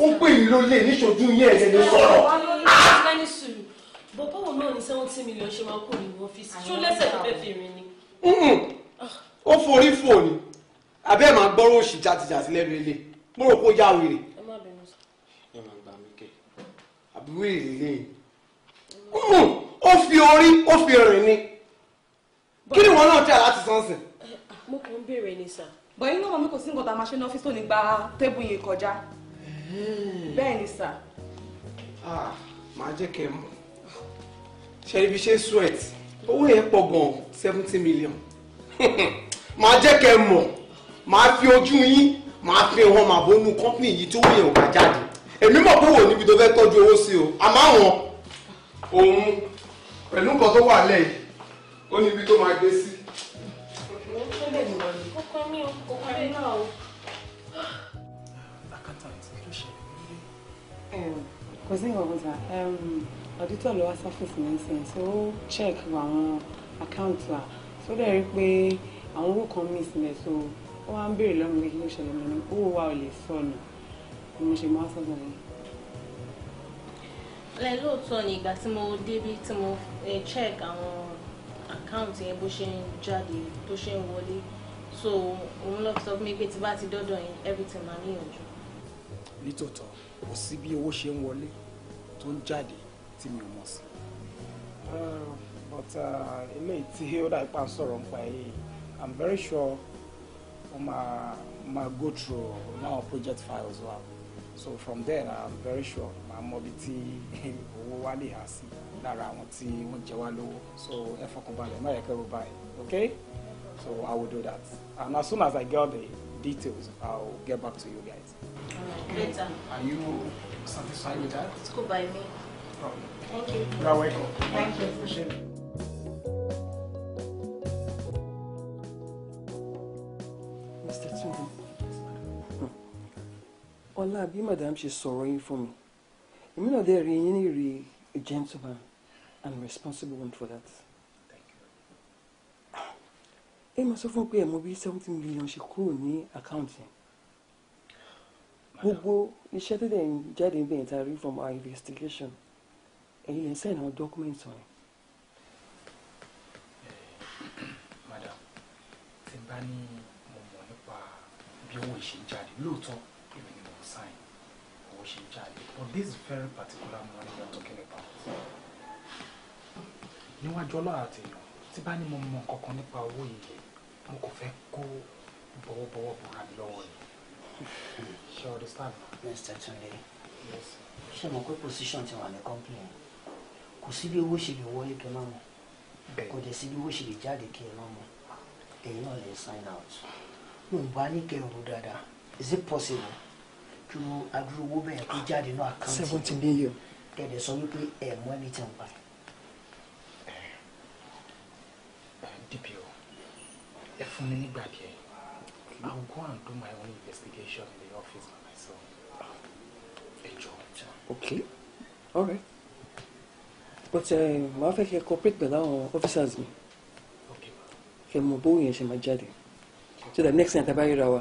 ó ń pè yín ló lè níṣojú yín ẹ̀ lè sọ̀rọ̀. bọ̀bọ̀ wo náà ni seventy million ṣe máa kú nínú ọ́fíìsì ṣó lẹ́sẹ̀ ló fẹ́ fi rìn ni. ó forí fò ni àbẹ́ ẹ̀ máa gbọ́rọ̀ òṣì jàtìjàtì lẹ́nu ilé mo rò kó yá wèrè. ẹ má bẹ̀rù sọ. ẹ má gbà mí kẹ́ àbúrò ìrìlẹ́yìn ó fi orí ó fi rìn ni kí ni wọn náà tí a láti sánsìn. mo kàn ń béèrè ni sà bọ̀ inú ọmọ mi kò sí nǹkan tá a máa ṣe ní ọ́fíìsì tó ní gba tébù yìí kọjá bẹ́ẹ̀ ni sà. màá jẹ́ kẹ́ ẹ mọ̀ ṣe ibi ṣe sweat owó yẹn pọ̀ gan-an seventy million màá jẹ́ kẹ́ ẹ mọ̀ màá fi ojú yín màá fi hàn màá bọ́nú kọ́ńpìnì yìí tó wúyẹ̀ ò bá jáde èmi mọ̀ pé wò níbi tó fẹ́ tọ́jú owó sí o àmọ́ àwọn òun pẹ̀lú nǹkan tó wà lẹ́yìn ó ní ibi tó máa gbé sí. o. kò sí nǹkan kọta auditor ló wá surface medicine so check àwọn account wa so dẹ̀ pé àwọn owó kan miss nílẹ̀ so ó wá ń béèrè lọ́mọ kí ló ṣẹlẹ̀ mọ́ ni owó wa ò lè sọnù bí mo ṣe máa sọ̀rọ̀ yẹn lẹ́yìn lóòótọ́ ni ìgbà tí mo débi tí mo eh, check àwọn àkáǹtì yẹn bó ṣe ń jáde tó ṣe ń wọlé so òun lọ sọ fún mi pé tí bá ti dọ́dọ̀ yẹn everything máa níyànjú. nítòótọ́ kò sí bí owó ṣe ń wọlé tó ń jáde tí mi ò mọ̀ sí. Um, but uh, eléyìí tí ó dà ipa sọ̀rọ̀ nípa yìí i'm very sure ó máa máa go through now project files wa so from there i'm very sure àmọ́bi tí owó wa lè há sí lára àwọn tí wọ́n jẹ wá lówó so ẹ fọkànbalẹ̀ má yẹ kẹ́rù báyìí okay so I will do that and as soon as I get all the details I will get back to you guys. Alright, later. Um, are you satisfied with that? It's by me. Oh. Thank you. You are welcome. Thank you. Appreciate it. Mr. Tinubu, hmm. ọlá bí madam ṣe sọ̀rọ̀ yín fún mi èmi náà dé rí yín ní a gentleman and responsible one for that. ẹ máa sọ fún pé ẹ̀mọ bíi seventy million ṣe kúrò ní àkáǹtì gbogbo iṣẹ́ tó dẹ̀ ń jáde bẹ́ẹ̀ ta rí from our investigation and lè sẹ́yìn our documents on. Eh, madam tí n bá ní mo mọ̀ for this very particular money you are talking about níwájú ọlọ́run àti èèyàn tí bá ní mo mọ nǹkan kan nípa owó yìí mo kò fẹ́ kó bọ̀wọ̀bọ̀wọ̀ bọ̀ra mi lọ́wọ́ ni ṣe ọdún sáà. Mr. Tunde ṣe mọ̀ pé position ti wà ní company kò sí bí owó ṣe lè wọlé kí ẹ má mọ̀ kò dẹ̀ sí bí owó ṣe lè jáde kí ẹ má mọ̀ èyí náà lè sign out. mo bá ní kẹrù dáadáa is it possible? ju adúrú owó bẹ́ẹ̀ tó jáde náà àkáǹtì seventy million kẹ̀dẹ̀ sọ wípé ẹ̀ mọ́ ẹni tí ń pa. DPO ẹ fún mi nígbà díẹ̀ I will go and do my own investigation in the office by myself. ẹ jọ. okay all right but eh, màá fẹ́ kí ẹ cooperate pẹ̀lú àwọn officers mi kí ẹ mọ bóyá ẹ ṣe máa jáde so that next time tá a bá ríra wa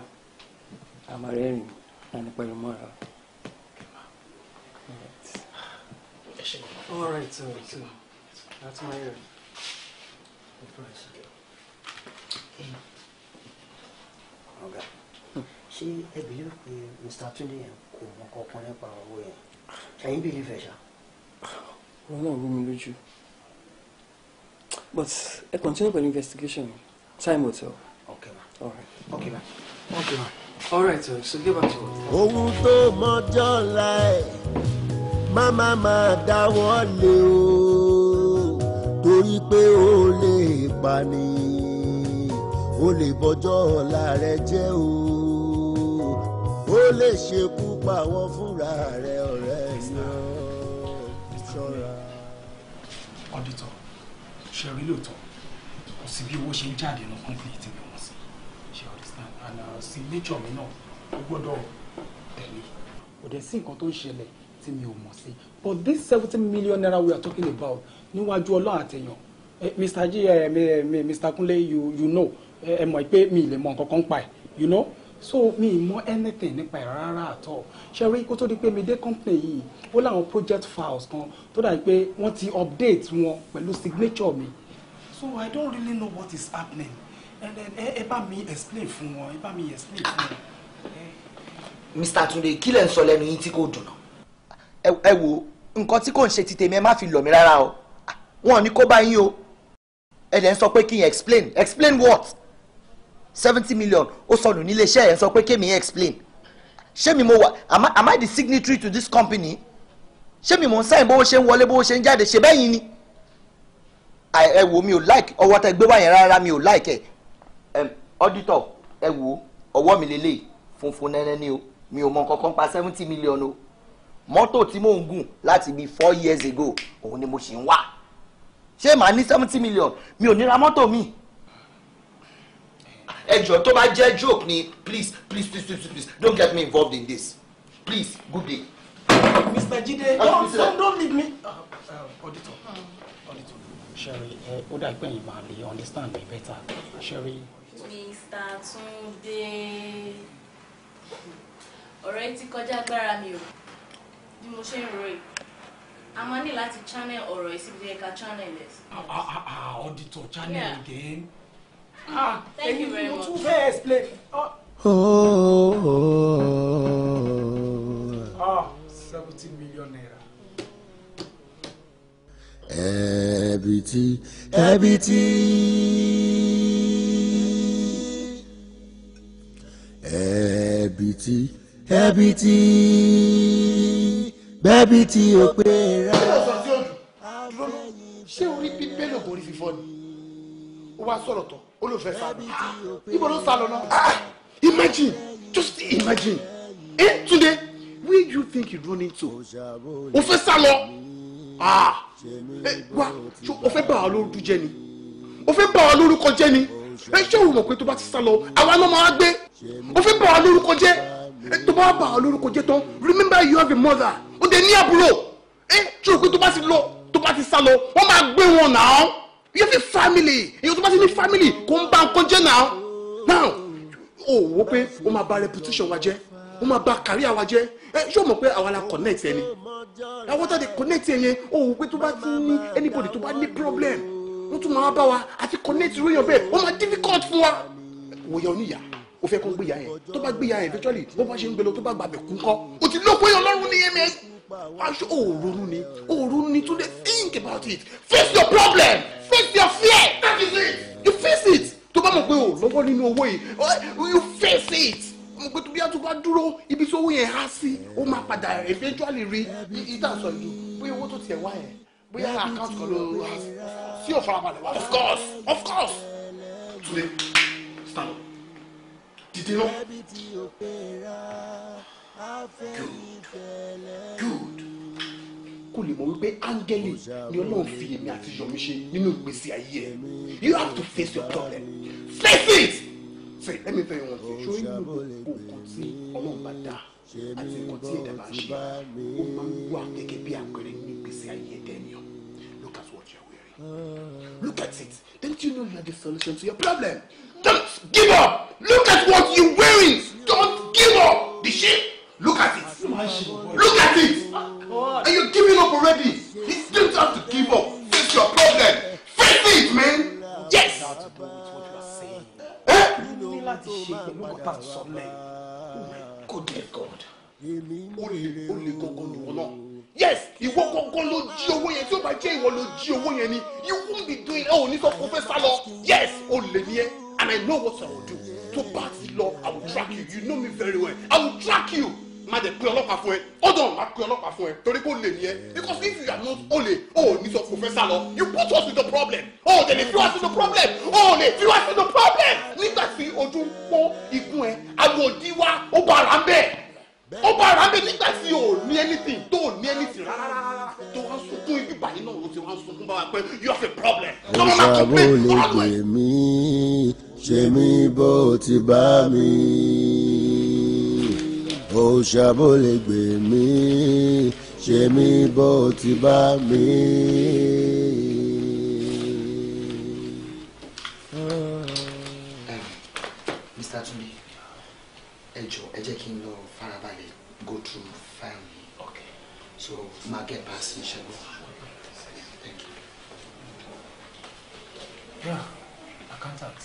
àmàrẹ́rìn mi náà ní pẹ̀lú mọ́ra. All right, so, so that's my ear. Ọ̀gá, ṣé ẹ bìlíwò pé Mr. Túndé yẹn kò mọ kankan nípa owó yẹn? Ṣẹ̀yìn bìlíwò ẹ̀ ṣá? Wọ́n náà rú mi lójú. But ẹ continue pẹ̀lú investigation. Time will tell. Okay ma. All right. Okay ma. Okay ma. Alright, right, So get back to work. Ohun tó mọjọ́ la ẹ̀ má má má dáwọ́ lé o torí pé o lè pani o lè bọjọ́ ọ̀la rẹ jẹ́ o o lè ṣekú pa àwọn fúnra rẹ ọ̀rẹ́ yan ṣọ́ra. ọ̀dìtọ̀ ṣẹ̀rí lóòótọ́ kò sí bí owó ṣe ń jáde ní kọ́ńpìlì tìǹbù sí nature mi náà ó gbọ́dọ̀ tẹ̀lé. kò dẹ̀ sí nǹkan tó ń ṣẹlẹ̀ tí mi ò mọ̀ sí but this seventeen million naira we are talking about níwájú ọlọ́run àtẹ̀yàn mr g mr kunle you you know eh, ẹ mọ̀ pé mi ì lè mọ nǹkan pa ẹ̀ you know so mi ì mọ anything nípa ẹ̀ rárá àtọ̀ ṣe rí kó tó di pé mi dé company yìí ó láwọn project files kan tó dà pé wọ́n ti update wọn pẹ̀lú signature mi so i don't really know what is happening ẹ eh, eh, bá mi explain fún wọn ẹ eh, bá mi explain fún wọn. Mr. Tunde kí lẹ ń sọ lẹ́nu yín tí kò dùn náà. ẹ wo nǹkan tí kò ń ṣe ti tèmi ẹ má fi lọ̀ mí rárá o wọn ò ní kó bá yín o ẹ dẹ̀ ń sọ pé kí n explain explain what seventy million ó sọnù níléeṣẹ́ ẹ̀ ń sọ pé kémi yẹn explain ṣé mi mo wà am I, am I the signatory to this company ṣé mi mo ń sáyìn bówó ṣe ń wọlé bówó ṣe ń jáde ṣe bẹ́yìn ni ẹ wò mi ò like ọwọ́ tẹ gbé wá yẹn rárá mi ò like ẹ ọ́dítọ̀ ẹ wo ọwọ́ mi lélẹ̀ funfun nẹ́nẹ́ ni o mi ò mọ nǹkan pa seventy million o mọ́tò tí mò ń gùn láti bíi four years ago òun ni mo ṣì ń wà ṣé màá ní seventy million mi ò ní ra mọ́tò mi. ẹ jọ̀ọ́ tó bá jẹ́ joke ni please please please please please don't get me involved in this please good day. Mr. Jide don't don't, leave me. Uh, uh, auditor auditor. Sherry eh, ó dàgbẹ́yìn máa lè understand me better Sherry. Mr. Túndé ọ̀rọ̀ yìí ti kọjá agbára mi o bí mo ṣe ń ro yìí a máa ní láti channel ọ̀rọ̀ yìí síbi ẹ̀ka channel ẹ̀. Ah, ah, ah, auditor channel again. thank you very much. tún fẹ́ explain. seventeen million naira. ẹ̀ẹ́bìtì ẹ̀ẹ́bìtì. bẹ́bìtì bẹ́bìtì bẹ́bìtì ò pé rà. ṣé orí bíbélì kò rí fífọ́ ni ó wá sọ̀rọ̀ tán ó ló fẹ́ sálọ ibo ló sálọ náà. Ah, imagine just imagine eh Túndé where you think you run into ó fẹ́ sálọ ah wa o fẹ́ bà ọ́ lórúkọ jẹ́ ni o fẹ́ bà ọ́ lórúkọ jẹ́ ni ẹ ṣé òun mọ̀ pé tó bá ti sá lọ àwa náà máa gbé o fẹ́ bà wá lórúkọ jẹ́ tó bá bà wá lórúkọ jẹ́ tán remember you have a mother ó dẹ̀ ní àbúrò ẹ ṣé o pé tó bá ti lọ tó bá ti sá lọ wọ́n máa gbé wọn náà you have a family èyí tó bá ti ní family kò ń bà nǹkan jẹ́ náà now o wo pé o máa bà reputation wa jẹ́ o máa bà career wa jẹ́ ẹ ṣé o mọ̀ pé àwa la connect ẹni àwọn tó ti connect ẹ yẹn o wo pé tó bá ti ní anybody tó bá ní problem wọ́n tún máa bá wa àti connect irú èèyàn bẹ́ẹ̀ wọ́n máa difficult fún wa. wòyà oníyà o fẹ́ kó gbéyà yẹn tó bá gbéyà yẹn virtually bó bá ṣe ń gbélé tó bá gbàgbé kú kọ́ o ti lóko èèyàn lọ́rùn nìyẹn mi aṣọ òòrùn ni òòrùn ni Tunde think about it face your problem face your fear that is it you face it tó bá mọ̀ pé o lọ́wọ́ nínú owó yìí you face it mo pé tóbi àtúbà dúró ibi tí owó yẹn há sí ó máa padà eventually rí ìdásọ̀ ìlú pé owó tó tiẹ̀ wá yẹn bóyá àkáǹtì kan ló sí ò farabalẹ̀ wá. of course of course. Today, stand up dìde lọ. good good kò lè mọ̀ wípé áńgẹ́lì ni Ọlọ́run fi èmi àti yọ̀mí ṣe nínú ìgbésí ayé ẹ̀ you have to face your problem face it say let me tell you one thing ṣé o ní ìlú kò kò tí Ọlọ́run bá dáa ṣe ní bó ti bá ó máa ń wà gẹ́gẹ́ bí àpẹẹrẹ ní ìgbésí ayé ẹ̀dá look at what you are wearing ah. look at it don't you know you are the solution to your problem don't give up look at what you wearing don't give up the shape look at it look at it and ah, you giving up already you don't have to give up face your problem face it man yes. Eh? goodness God ó lè ó lè gángan ni wọn náà yes ìwọ gángan ló jí owó yẹn tí ó bá jẹ́ ìwọ ló jí owó yẹn ni you won't be doing ẹ ò ní sọ fún lọ yes ó lè ní ẹ and I know what I will do To bá the law, I will track you you know me very well I will track you má dẹ̀ pé ọlọ́pàá fún ẹ ọ̀dọ̀ má pé ọlọ́pàá fún ẹ torí kò lè ní ẹ because if you are not olè o ò ní sọ kò lọ you put us in the problem o ò tẹ̀lé fi wá sínú problem o ò lè fi wá sínú problem nígbà tí ojú ń pọ́n igun ẹ àwòdì wa ó bá ara ń bẹ̀ ó bá ara ń bẹ̀ nígbà tí o ní anything tó ò ní anything rárá tó wá sunkún ibi báyìí náà ló ti wá sunkún bá wa pé you have a problem. ó ṣàbò lè pè mí ṣe mí bó ti bá mi kò ṣàbò lè gbè mí ṣe mí bó ti bá mi. Mr. Tunde ẹ jọ ẹ jẹ́ kí go through file okay. so máa get back sí iṣẹ́ náà. Yeah, accountant.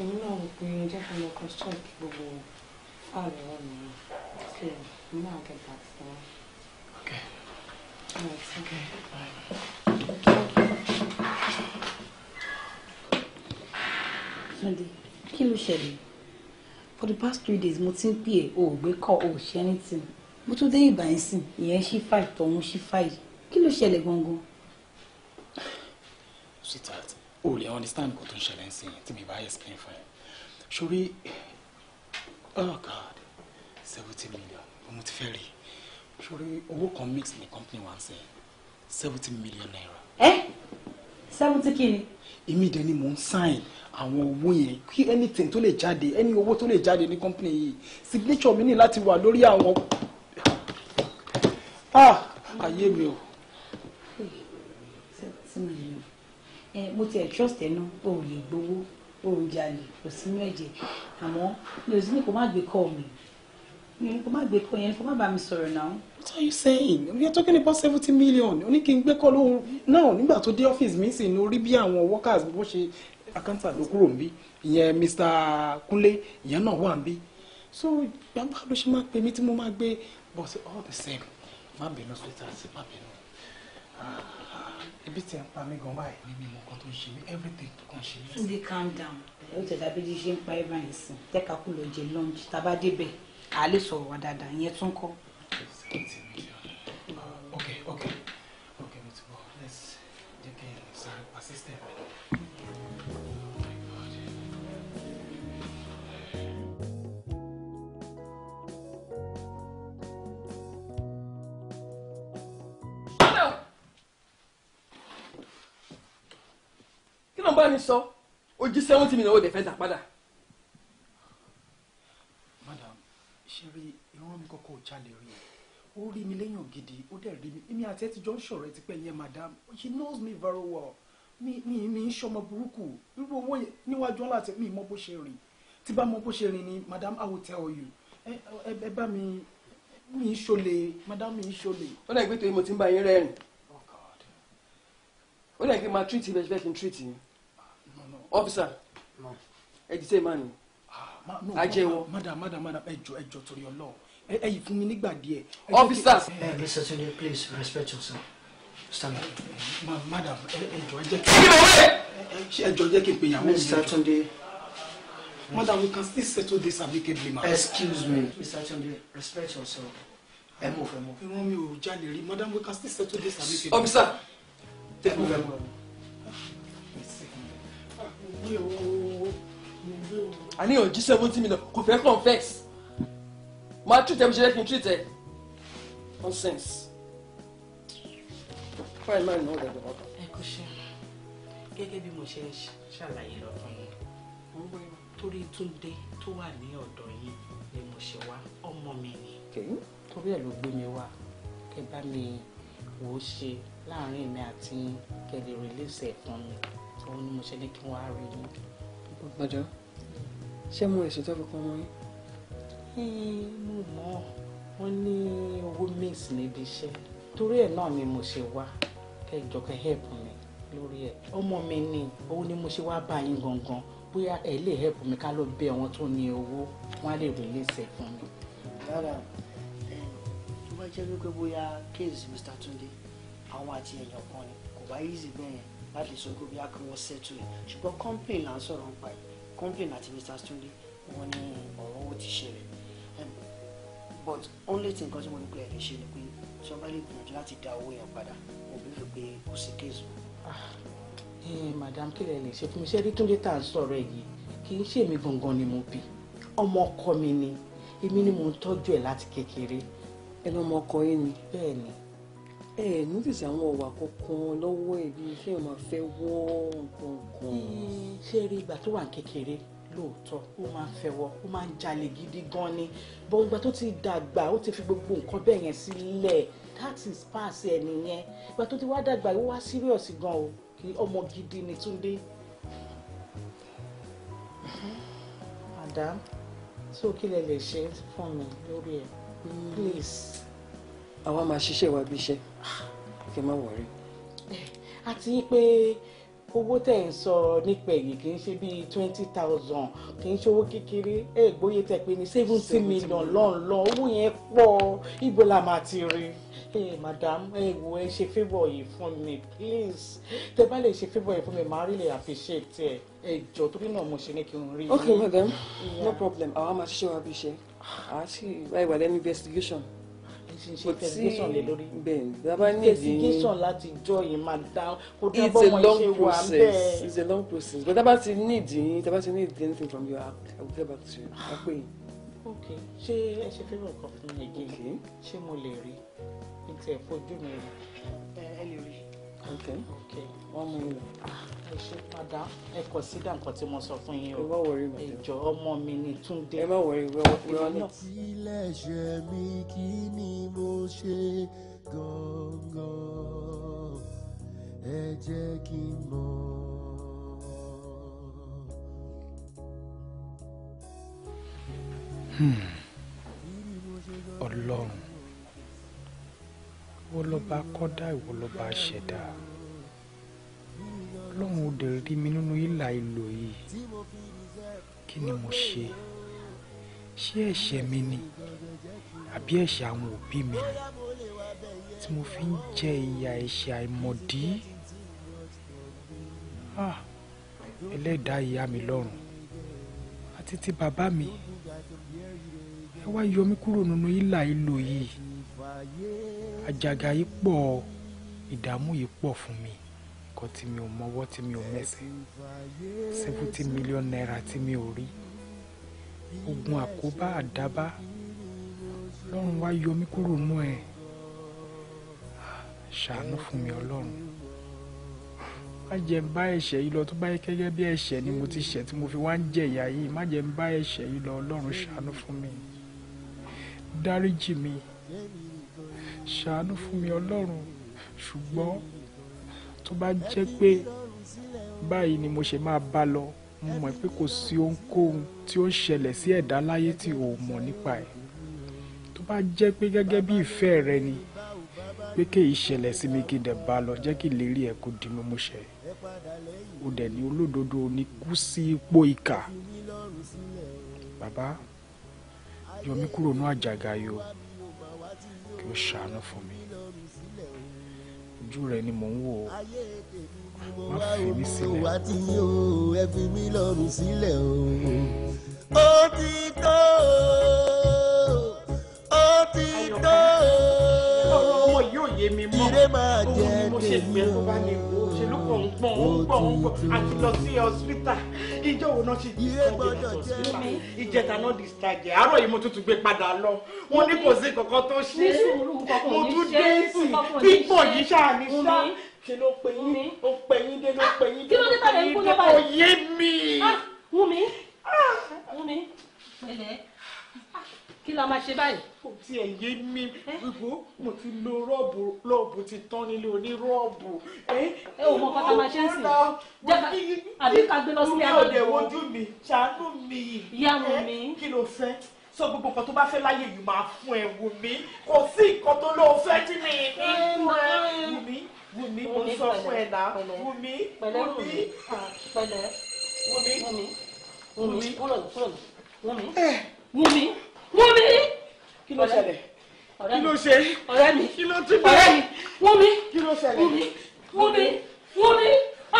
Èmi náà rò pé ẹ jẹ́ kí n lọ cross check All right, all right. Okay, now I'll get back to you. Okay. All right, okay. kí ló ṣẹlẹ̀? For the past three days, mo ti ń pè é, o ò gbé kọ́, o ò ṣe anything. Mo tún dé ìbà yín sìn, ìyẹn ṣí fàì, tọ̀hún ṣí fàì. Kí ló ṣẹlẹ̀ gangan? Sweetheart, o lè understand nǹkan tó ń ṣẹlẹ̀ ń sìn tí mi bá explain fún ẹ. Ṣorí oh god seventy million We must fairly. Surely, sórí owó kan in the company wa ń seventy million naira. Eh? seventy kini. Immediately, dẹ̀ ni mò ń sign àwọn owó yẹn kí anything tó lè jáde any owó tó lè in the company yìí signature mi ní láti wà lórí àwọn. ah ayé mi o. seventy million ẹ mo tiẹ̀ trust ẹ̀ náà o ò lè òun jalè kò sínú ẹ̀jẹ̀ àmọ́ mi ò sí ní kó má gbé kọ́ mi mi má gbé kọ́ yẹn kó má bá mi sọ̀rọ̀ náà. what are you saying we are talking about seventy million ó ní kí n gbé kọ́ lóhun náà nígbà tó dé ọ́fíìsì mi sì ní orí bí àwọn workers bó ṣe àkáǹtà ló kúrò níbí ìyẹn Mr. Kúnlé ìyẹn náà wà níbí so gbàgbà ló ṣe máa pè mí tí mo máa gbé but all the same má bínú sweetheart má bínú. Ah ibi tí ń pa mí gan báyìí ní mímọ kan tó ń ṣe mí everything tó kàn ṣe mí. Túndé calm down ó tẹ̀ dábí di ṣe ń pa ẹ̀ báyìí sìn tẹ́ka kú lọ jẹ lunch tá a bá débẹ̀ à lè sọ̀rọ̀ wá dáadáa ìyẹn tún kọ́. ok ok. kí ló ń bá mi sọ ó seventy million ó dẹ̀ padà. madam ṣe rí ìran mi kọ́kọ́ jalè rí ó rí mi léèyàn gidi ó dẹ̀ rí mi èmi àti ẹ ti jọ ń ṣọ̀rọ̀ ẹ ti pẹ́ yẹn madam she knows me very well mi mi mi ń ṣọmọ burúkú irú owó yẹn níwájú ọ̀la àti mi mọ bó ṣe rìn tí bá mọ bó ṣe rìn ni madam i will tell you ẹ bá mi mi ń ṣọlẹ̀ madam mi ń ṣọlẹ̀. ó dẹ̀ gbé torí mo ti ń bá yín rẹ́rìn oh ó dẹ̀ gbé máa treat bẹ́ẹ̀ bẹ́ẹ̀ kí n treat yín. Officer, ẹ ti sẹ ẹ máa ní ajẹwọ. madam madam madam ẹ jọ ẹ jọ torí Ọlọ́run ẹ yìí fún mi nígbà díẹ̀. ọfisa. Eh, eh, Mr. Tunde please respect yourself stand up. madam ẹ jọ ẹ jẹ kí. kí ló wẹ̀. Eh, ẹ jọ jẹ́ kí n pe ìyàwó mi. Mr. Tunde. madam we can still settle this amicably ma. excuse me Mr. Tunde respect yourself. ẹ mọ̀ fẹ́ mọ̀. irun mi ò jalè rí madam we can still settle this amicably. Officer, take mọ̀ fẹ́ gbé o mo gbé seventy million kò fẹ́ confess máa treat ẹ bí ṣe fẹ́ kí n treat ẹ nonsense fine man náà dẹ̀dọ̀ ọkọ. ẹ kò ṣe gẹ́gẹ́ bí mo ṣe ń ṣàlàyé lọ́kàn yìí torí Túndé tó wà ní ọ̀dọ̀ yìí ni mo ṣe wá ọmọ mi ni. torí ẹ̀ ló gbé mi wá ẹ bá mi wò ó ṣe mi àti kẹlẹ release ẹ fún mi òun ni mo ṣe ní kí wọ́n á rí yín. gbọ́dọ̀ ṣé mo èso tó fi pọn mọ́ yín. mo mọ̀ wọ́n ní owó mix níbi iṣẹ́ torí ẹ̀ náà ni mo ṣe wá kẹjọ kẹ help mi lórí ẹ̀ ọmọ mi ni òun ni mo ṣe wá bá yín gangan bóyá ẹ lè help mi ká lọ bẹ̀ àwọn tó ní owó wọn á lè release fún mi. rárá tó bá jẹ́ wípé bóyá case Mr. Tunde àwọn àti èèyàn kan ni kò bá easy bẹ́ẹ̀ yẹn láti sọ pé bóyá kí wọ́n ṣètò ẹ̀ ṣùgbọ́n complain là ń sọ̀rọ̀ ń pa ẹ̀ complain àti Mr. Tunde wọ́n ní ọ̀rọ̀ owó ti ṣẹlẹ̀ but only thing kan tí mo ní pé ẹ̀rẹ̀ ṣe ni pé tí wọ́n bá lè gbìyànjú láti dá owó yẹn padà mo bí fi pé kò sí kéèsì. Ah, eh, madam kílẹ̀ lè ṣe fún mi ṣé rí Túndé tá à ń sọ̀rọ̀ ẹ̀ yìí kì í ṣèmi gangan ni mo bí ọmọ ọkọ mi ni èmi ni mo ń tọ́jú ẹ̀ láti kékeré. ẹ lọ́mọ ọkọ yín ni. bẹ́ẹ̀ ẹ ẹ notice àwọn ọ̀wà kankan lọ́wọ́ ẹ̀ bí iṣẹ́ máa fẹ́ wọ́ nǹkan. ṣé rí ìgbà tó wà kékeré lóòótọ́ ó máa ń fẹ́wọ́ ó máa ń jalè gidi gan ni bọ́n tó ti dàgbà ó ti fi gbogbo nǹkan bẹ́ẹ̀ yẹn sílẹ̀ that is pass ẹ̀ nìyẹn ìgbà tó ti wá dàgbà ó wá serious gan o kì í ọmọ gidi ni Túndé. madam so kí lẹ lè ṣe fún mi lórí ẹ please àwa máa ṣiṣẹ́ wa bí iṣẹ́ kí n má wọrí. Eh, àti pé owó tẹ̀ ń sọ nípa èyí kì í ṣe bíi twenty thousand kì í ṣe owó kékeré ẹ̀ gbóyè tẹ̀ pé ní seventy million lọ́nlọ́ owó yẹn pọ̀ ibo la máa ti rí ee madam ẹ wo ẹ ṣe favour yìí fún mi please tẹ bá lè ṣe favour yìí fún mi màá rí lè appreciate ẹ ẹ jọ torí náà mo ṣe ní kí n rí. ok madam no problem àwa máa ṣiṣẹ́ wa bí iṣẹ́ àá sì wá ìwà lẹ́nu investigation ṣe investigation lè lórí investigation láti jọ yìí máa dá kó dábọ̀ wọn ṣe wà bẹ́ẹ̀. it's a long process but tábà ti need yín tábà ti need anything from you i will get back to you Okay. Okay. you. ok ṣé ẹ ṣe fẹ́ lọ́ọ̀kan fún mi again ṣé mo lè rí ní tẹ̀ fojú mi rí ẹ lè rí okay okay ah, ẹ ṣe padà ẹ kọ sídà nǹkan tí mo sọ fún yín o. ìjọ ọmọ mi ni Túndé. ẹ má ìwọ lọba kọ́dá ìwọ lọba ṣẹ̀dá ọlọ́run ò dẹ̀ rí mi nínú ìlà ìlò yìí kí ni mo ṣe ṣé ẹ̀ṣẹ̀ mi ni àbí ẹ̀ṣẹ̀ àwọn òbí mi ni tí mo fi ń jẹ ìyà ẹ̀ṣẹ̀ àìmọ̀dí ah, ẹlẹ́dàá ìyá mi lọ́run àti ti bàbá mi ẹ wá yọ mí kúrò nínú ìlà ìlò yìí àjàgà yìí pọ̀ ìdààmú yìí pọ̀ fún mi nǹkan tí mi ò mọwọ́ tí mi ò mẹsẹ̀ seventy million naira tí mi ò rí ogun àkóbá àdábá ọlọ́run wá yọ mí kúrò nú ẹ̀ ṣàánú fún mi ọlọ́run má jẹ́ ń bá ẹ̀ṣẹ̀ yìí lọ tó bá yẹ gẹ́gẹ́ bí ẹ̀ṣẹ̀ ni mo ti ṣẹ̀ tí mo fi wá ń jẹ̀yà yìí má jẹ́ ń bá ẹ̀ṣẹ̀ yìí lọ ọlọ́run ṣàánú fún mi dáríjì mi ṣàánú fún mi ọlọ́run ṣùgbọ́n tó bá jẹ́ pé báyìí ni mo ṣe máa bá lọ mo mọ̀ pé kò sí ohunkóhun tí ó ń ṣẹlẹ̀ sí ẹ̀dá láyé tí ò mọ̀ nípa ẹ̀ tó bá jẹ́ pé gẹ́gẹ́ bí ìfẹ́ rẹ ni pé kéyìí ṣẹlẹ̀ sí mi kí n dẹ̀ bá lọ jẹ́ kí ìlérí ẹ̀ kó di mímú ṣẹ o dẹ̀ ní olódodo ní kú sí ipò ìkà bàbá yọ mí kúrò ní àjàgà yìí o ló ṣàánú fún mi ojú rẹ ni mò ń wò ó má fi mí sílẹ̀ o. ẹ fi mí lọ́rùn sílẹ̀ o. ó ti tó ó ti tó ọ̀rọ̀ ọmọ yóò yé mi mọ́ òun mi mo ṣe gbẹ tó bá mi wò ó ṣe ló pọ̀ ń pọ̀ ń pọ̀ ń pọ̀ àti lọ sí hospital ṣíkì ìjọ wo náà ṣì ti sọ́jẹ́ náà tó sí pa ìjẹta náà di stage àárọ̀ yìí mo tún tún gbé padà lọ wọ́n ní kò sí kankan tó ṣe mo tún dé sí pípọ̀ yìí ṣáà ní ṣá ṣe ló pe yín ó pe yín dé ló pe yín dé ló pe yín dé kò yé mi. wúmi wúmi pẹ̀lẹ́ kí la máa ṣe báyìí. kò tiẹ̀ yé mi gbogbo mo ti lo rọ́ọ̀bù rọ́ọ̀bù ti tán nílé onírọ́ọ̀bù. ẹ ò mọ nǹkan tá a máa ṣe ń sìn jẹba àbí ká gbé lọ sílé aláàbò. orí ọ̀dẹ̀ wojú mi ṣàánú mi. ìyá mi mi. kí ló fẹ́ sọ gbogbo nǹkan tó bá fẹ́ láyè yìí máa fún ẹ wù mí kò sí nǹkan tó lóun fẹ́ tí mi ní fún ẹ wù mí wù mí mo sọ fún ẹ náà wù mí wù mí ah, pẹ̀lẹ́ wù mí wù mí wù mí wù mí wù mí. Wúnmi. kí ló ṣẹlẹ̀ kí ló ṣe ọ̀rẹ́ mi kí ló tún dé ọ̀rẹ́ kí ló ṣẹlẹ̀ Wúnmi Wúnmi Wúnmi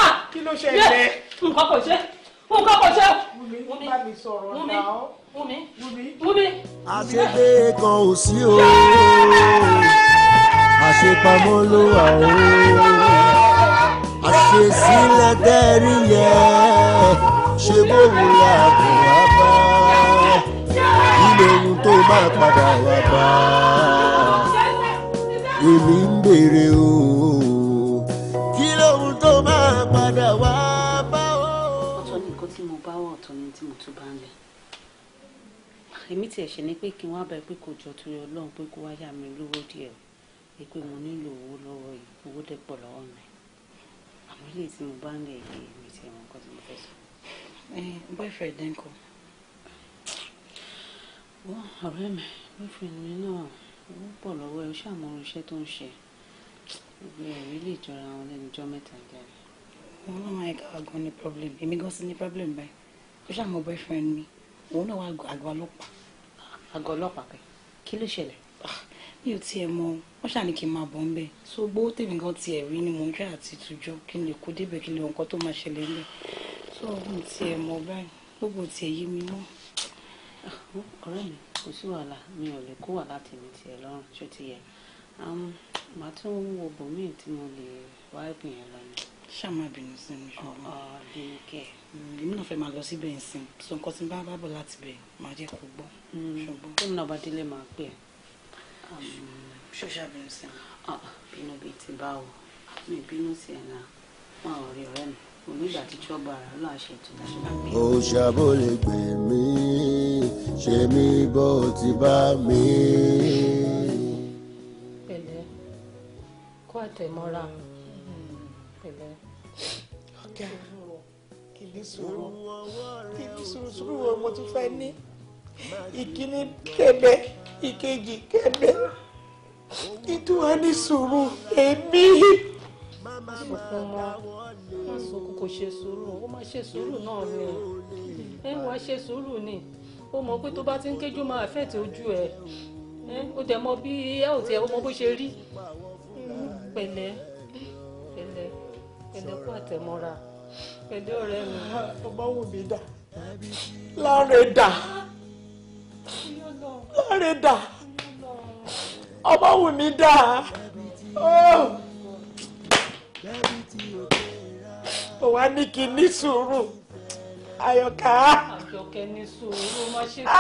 ah kí ló ṣẹlẹ̀ nǹkan kò ṣe nǹkan kò ṣe. Wúnmi bá mi sọ̀rọ̀ náà Wúnmi Wúnmi. àṣepé kan ò sí o àṣepamọ́ ló wà o àṣesílẹ̀ tẹ́rí yẹ ṣe bó wù láàbù wá máa padà wá bá èmi ń béèrè o kí lóhun tó máa padà wá bá o. ọ̀tọ̀ ni nǹkan tí mo bá wọ̀ ọ̀tọ̀ ni tí mo tún bá ń lẹ̀ èmi tiẹ̀ ṣe ni pé kí n wá bẹ pé kò jọ torí ọlọ́run pé kó wá yá mi lówó díẹ̀ o pé mo nílò owó lọ́wọ́ yìí owó dẹ̀ pọ̀ lọ́wọ́ mi àwọn ilé tí mo bá ń lẹ̀ yìí èmi tiẹ̀ mọ̀ nǹkan tí mo fẹ́ sọ. Eh, boyfriend ẹ̀ ń kọ́ wọ́n ọ̀rẹ́ mi boyfriend mi náà ó pọ̀ lọ́wọ́ ẹ ó ṣàmúrò iṣẹ́ tó ń ṣe gbogbo ẹ̀rí lè jọra wọn lẹ́nu ọjọ́ mẹ́ta jáde. òun náà máa ẹ̀ka àgọ́ ní problem èmi gan sí ní problem báyìí ó ṣàmú boyfriend mi òun náà wà àgọ́ ọlọ́pàá. àgọ́ ọlọ́pàá kẹ kí ló ṣẹlẹ̀. Ah, mi ò tiẹ̀ mọ wọ́n ṣàní kí n máa bọ̀ ń bẹ̀ so gbówó tèmi gan tiẹ̀ rí ni mò ń jẹ́ àti ìtújọ́ kí n lè kó débẹ̀ kí n lè nǹkan tó máa ṣẹlẹ̀ ń so mi tiẹ̀ mọ báyìí gbogbo tiẹ̀ yé mi náà. Ah, ọ̀rẹ́ mi kò sí wàhálà mi ò lè kó wà láti mi tiẹ̀ lọ́rùn ṣó ti yẹ màá tún wo bòmíì tí mo lè wá ìpín yẹn lọ ni. ṣáàmà bínú sí mi ṣùgbọ́n bínú kẹ́ ẹ̀. Mm, èmi náà fẹ́ máa lọ síbẹ̀ ǹsìn so nǹkan tí n bá bá bọ̀ láti bẹ̀ máa jẹ́ kó gbọ́. Mm, ṣùgbọ́n tóun náà bá délé máa pè é. ṣóṣà bínú sí mi. Ah, bínú bíi ti báwo mi bínú sí ẹ̀ náà wọn rí ọ̀rẹ́ mi olùgbà tí trọ́bù ara ló ó ṣàbò lè ṣe mí bó ti bá mi. pẹ̀lẹ́ kó àtẹ̀mọ́ra pẹ̀lẹ́. ọ̀gá kì í sòrò kì í sòrò sòrò wọn mo tún fẹ́ ní ìkíní kẹbẹ ìkejì kẹbẹ ìtura ní sòrò èmi sunkún mọ́ má sunkún kò ṣe sùúrù ó má ṣe sùúrù náà ni ẹ wàá ṣe sùúrù ni ó mọ̀ pé tó bá ti ń kéjú máa fẹ̀tẹ̀ ojú ẹ̀ ó dẹ̀ mọ̀ bí ẹ ò tẹ̀ ó mọ̀ bó ṣe rí pẹ̀lẹ́ pẹ̀lẹ́ pẹ̀lẹ́ kó àtẹ̀mọ́ra pẹ̀lẹ́ ọ̀rẹ́ mi. ọba wù mí dà láre dà láre dà ọba wù mí dà. Oh! ó wá ní kí n ní sùúrù ayọ̀ká ayọ̀ká kí n ní sùúrù. Ah!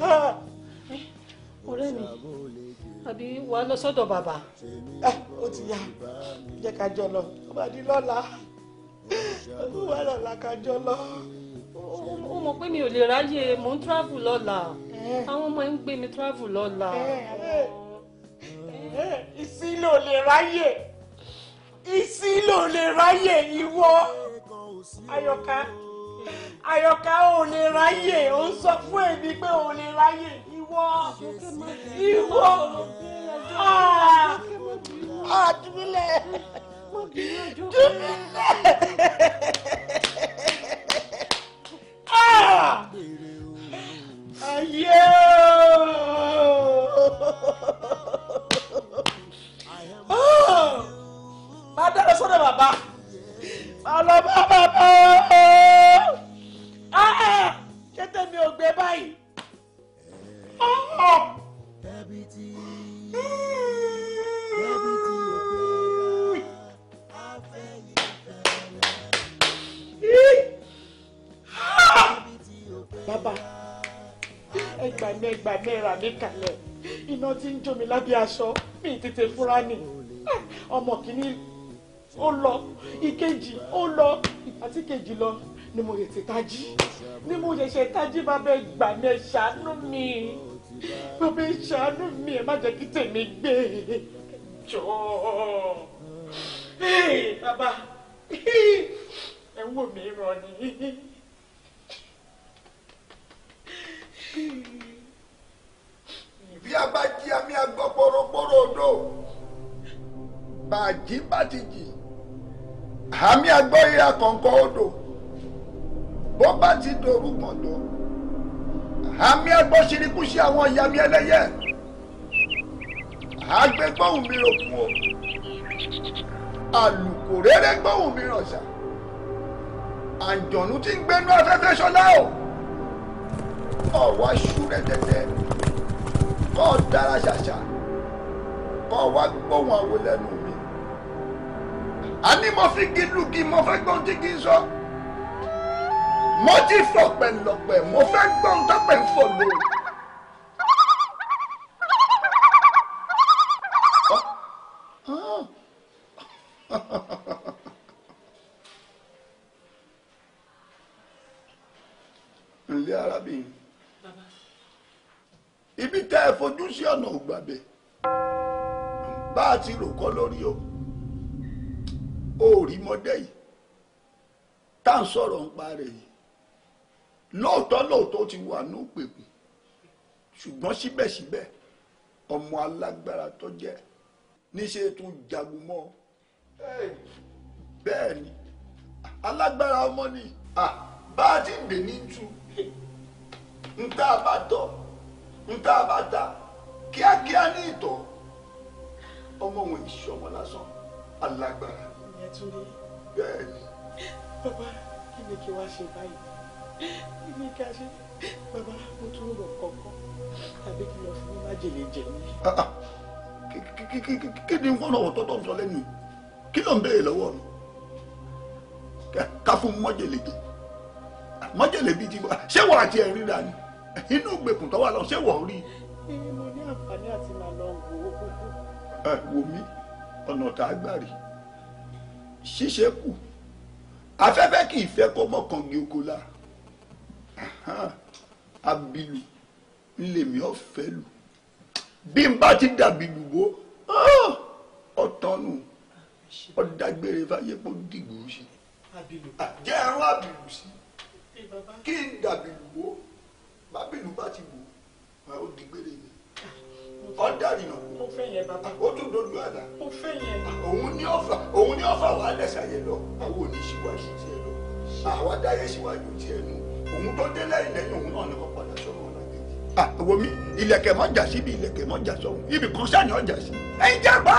Ah! Eh, ọ̀rẹ́ mi àbí wà á lọ sọ́dọ̀ bàbá. Eh, ó ti yá jẹ́ ká jọ lọ ó bá di lọ́la ó wà lọ́la ká jọ lọ. ó mọ̀ pé mi ò lè ráyè mò ń travel lọ́la àwọn ọmọ ń gbé mi travel lọ́la. ìsílò lè ráyè ìsílò lè ráyè ìwọ ayọ̀ká ayọ̀ká ò lè ráyè ó ń sọ fún èmi pé ò lè ráyè ìwọ ìwọ àdúmílẹ̀ ah, ah, dúmílẹ̀. Ah! ayé ooo ah! máa dára sọ́dọ̀ bàbá máa lọ bá bàbá ooo ah! ṣé tèmi ò gbé báyìí. Ah! gbàmẹ́ gbàmẹ́ rà mí kalẹ̀ iná tí ń jó mi lábẹ́ aṣọ mi tètè fúra nì ọmọ kìíní ó lọ ìkejì ó lọ àti kejì lọ ni mo yẹ tají ni mo yẹ ṣe tají bàbá gbàmẹ́ ṣàánú mi bàbá ṣàánú mi ẹ má jẹ́ kí tèmi gbé e. jọ̀ọ́ bàbá ẹ wò mí rọ ni bí a bá jí àmì àgbọ̀ pòròpòrò odò bàjí bá ti jì àmì àgbọ̀ ìhà kọ̀ọ̀kan odò bó bá ti dòrú kọ̀ọ̀dọ̀ àmì àgbọ̀ ṣirikú sí àwọn ìyá mi ẹlẹ́yẹ àgbẹ̀gbọ́hùn mi òkun o àlùkò rere gbọ́hùn mi rọ̀ṣà àǹjọ̀nú ti ń gbénú afẹ́fẹ́ ṣọlá o ọ̀wá ṣúrẹ́ tẹ́tẹ́ kọ́ ọ dára ṣàṣà kọ́ ọ wá gbóhùn àwo lẹ́nu mi àní mo fi gílùgì mo fẹ́ gbọ́n tí kì í sọ mo ti fọ̀pẹ̀ lọ̀pẹ̀ mo fẹ́ gbọ́n tọ́pẹ̀ ń fọ̀ lóru. tẹ́ ẹ fojú sí ọ̀nà ògbàbẹ̀ bá a ti rò kọ́ lórí o ò rí mọ́dẹ́ yìí tá à ń sọ̀rọ̀ ń pa rẹ̀ yìí lóòótọ́ lóòótọ́ ti wà ní òpèkùn ṣùgbọ́n síbẹ̀síbẹ̀ ọmọ alágbára tó jẹ́ níṣẹ́ tún jagun mọ́ bẹ́ẹ̀ ni alágbára ọmọ ni bá a ti dè ní tu ń tá bá tọ̀ nta bàtà kíákíá ní ìtọ̀ ọmọ òun ìṣọmọ lásán alágbára. ìyẹn tún ní. bẹ́ẹ̀ ni. bàbá kí ni kí wàá ṣe báyìí kí ni ká ṣe bàbá mo tún rò kọ̀ọ̀kan tàbí kí lọ fún májèlé jẹ mí. Ah, ah. kí ni wọn lọ́wọ́ tọtọ sọ lẹ́nu kí ló ń béèrè lọ́wọ́ mi ká fún májèlé jẹ májèlé bíi ti wá ṣé wàá tiẹ̀ ríra ni inú gbèkùn tó wà lọ ṣé wọ́n rí. mo ní àǹfààní àti màá lọ wò ó. ẹ wò mí ọ̀nà tá a gbà rí ṣíṣe kù afẹ́fẹ́ kì í fẹ́ kó mọ́kàngi oko la abilu ńlẹ̀mí ọ̀fẹ́ lu bí n bá ti dàbí lùwọ́ ọ̀tọ́nù ọ̀dàgbére fàyè kó dìgbò sí jẹ́ ẹ̀rọ àbìlù sí kí n dàbí lùwọ́ bábìlú bá ti wò ó di gbére ni ọ̀dàrì nà ó tún dodo àná òun ní ọ̀fà òun ní ọ̀fà wà á lẹ́sẹ̀ yẹn lọ àwọn oníṣíwájú tiẹ̀ lọ àwa dáyé síwájú tiẹ̀ nu òun tó dé lẹ́yìn lẹ́yìn òun náà ní kọ́ padà sọ́run ọ̀la kejì. àwọn mi ilẹ̀kẹ̀ mọ́jà síbi ilẹ̀kẹ̀ mọ́jà sọ́run ibì kan sáà ní ọjà sí. ẹ̀yin jẹ́ bá.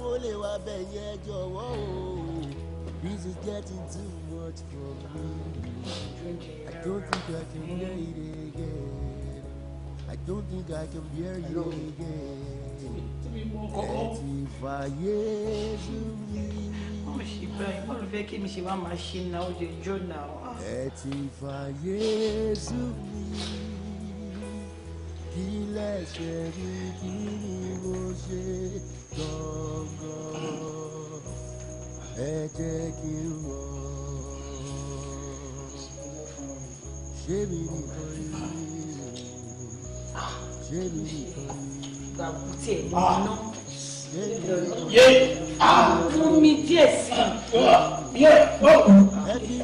mo lè wá bẹ̀ jọ̀wọ́ o this is getting too much for me I don't think I can bear it again I don't think I can bear it again ẹtì fàyè sùn mí mo ṣe báyìí mo fẹ́ kí mi ṣe wá máa ṣe na ó jẹ jó na wá. kí lẹ́sẹ̀ mi kí ni mo ṣe gangan ẹ jẹ́ kí n mọ̀ ṣé mi nìkan rí ṣé mi nìkan rí. gbàgbọ́ tiẹ̀ ní iná yé ah! mú mi díẹ̀ sí i. Oh! ẹ bí mi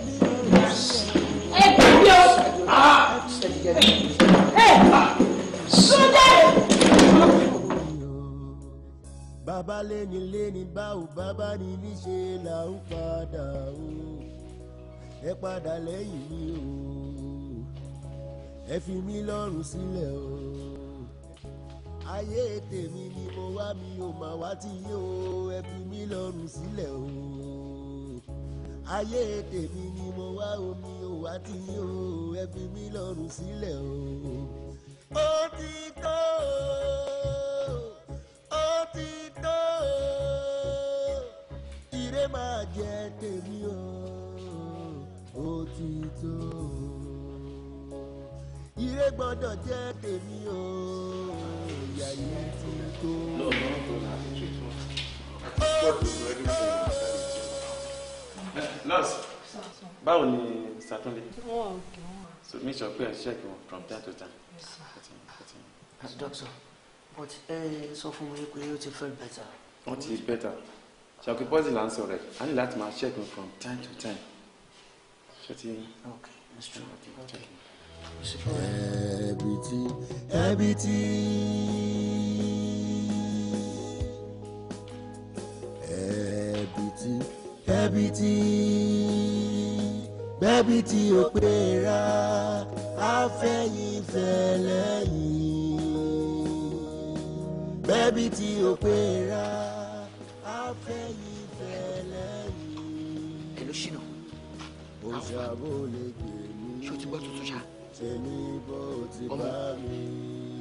ò. ẹ bí mi ò. bàbá léni léni báwo bàbá ni níṣe là ń padà o ẹ padà lẹ́yìn mi o ẹ fi mí lọ́rùn sílẹ̀ o ayé tèmi ni mo wá mi ò mà wá tí yé o ẹ fi mí lọ́rùn sílẹ̀ o ayé tèmi ni mo wá omi ò wá tí yé ẹ fi mí lọ́rùn sílẹ̀ o ó ti tó o ó ti tó ire máa jẹ tèmi o ó ti tó ire gbọ́dọ̀ jẹ tèmi o ìyà ti tó. ó ti tó. nurse báwo ni satunde. so make sure pé ẹ ṣẹ́ẹ̀kì wọn from time to time. Yes, sir. Yes, Doctor but ẹ eh, sọ fún mi pé ó feel better. wọ́n ti better ṣàkóso pọ́sì là ń sọ rẹ̀ á ní láti máa check me from time to time. ṣé ti. ok mr Everything. Everything. Everything. Everything. Everything. ẹbí tí ẹbí tí bẹ́bí tí ó pera afẹ́yìnfẹ́ lẹ́yìn bẹ́bí tí o pé ra afẹ́yí fẹ́lẹ́ yìí. ẹ ló ṣìnà ó ṣàbò lè gbè mí ṣé o ti gbọ́ tuntun ṣá. tèmi bó ti bá mi.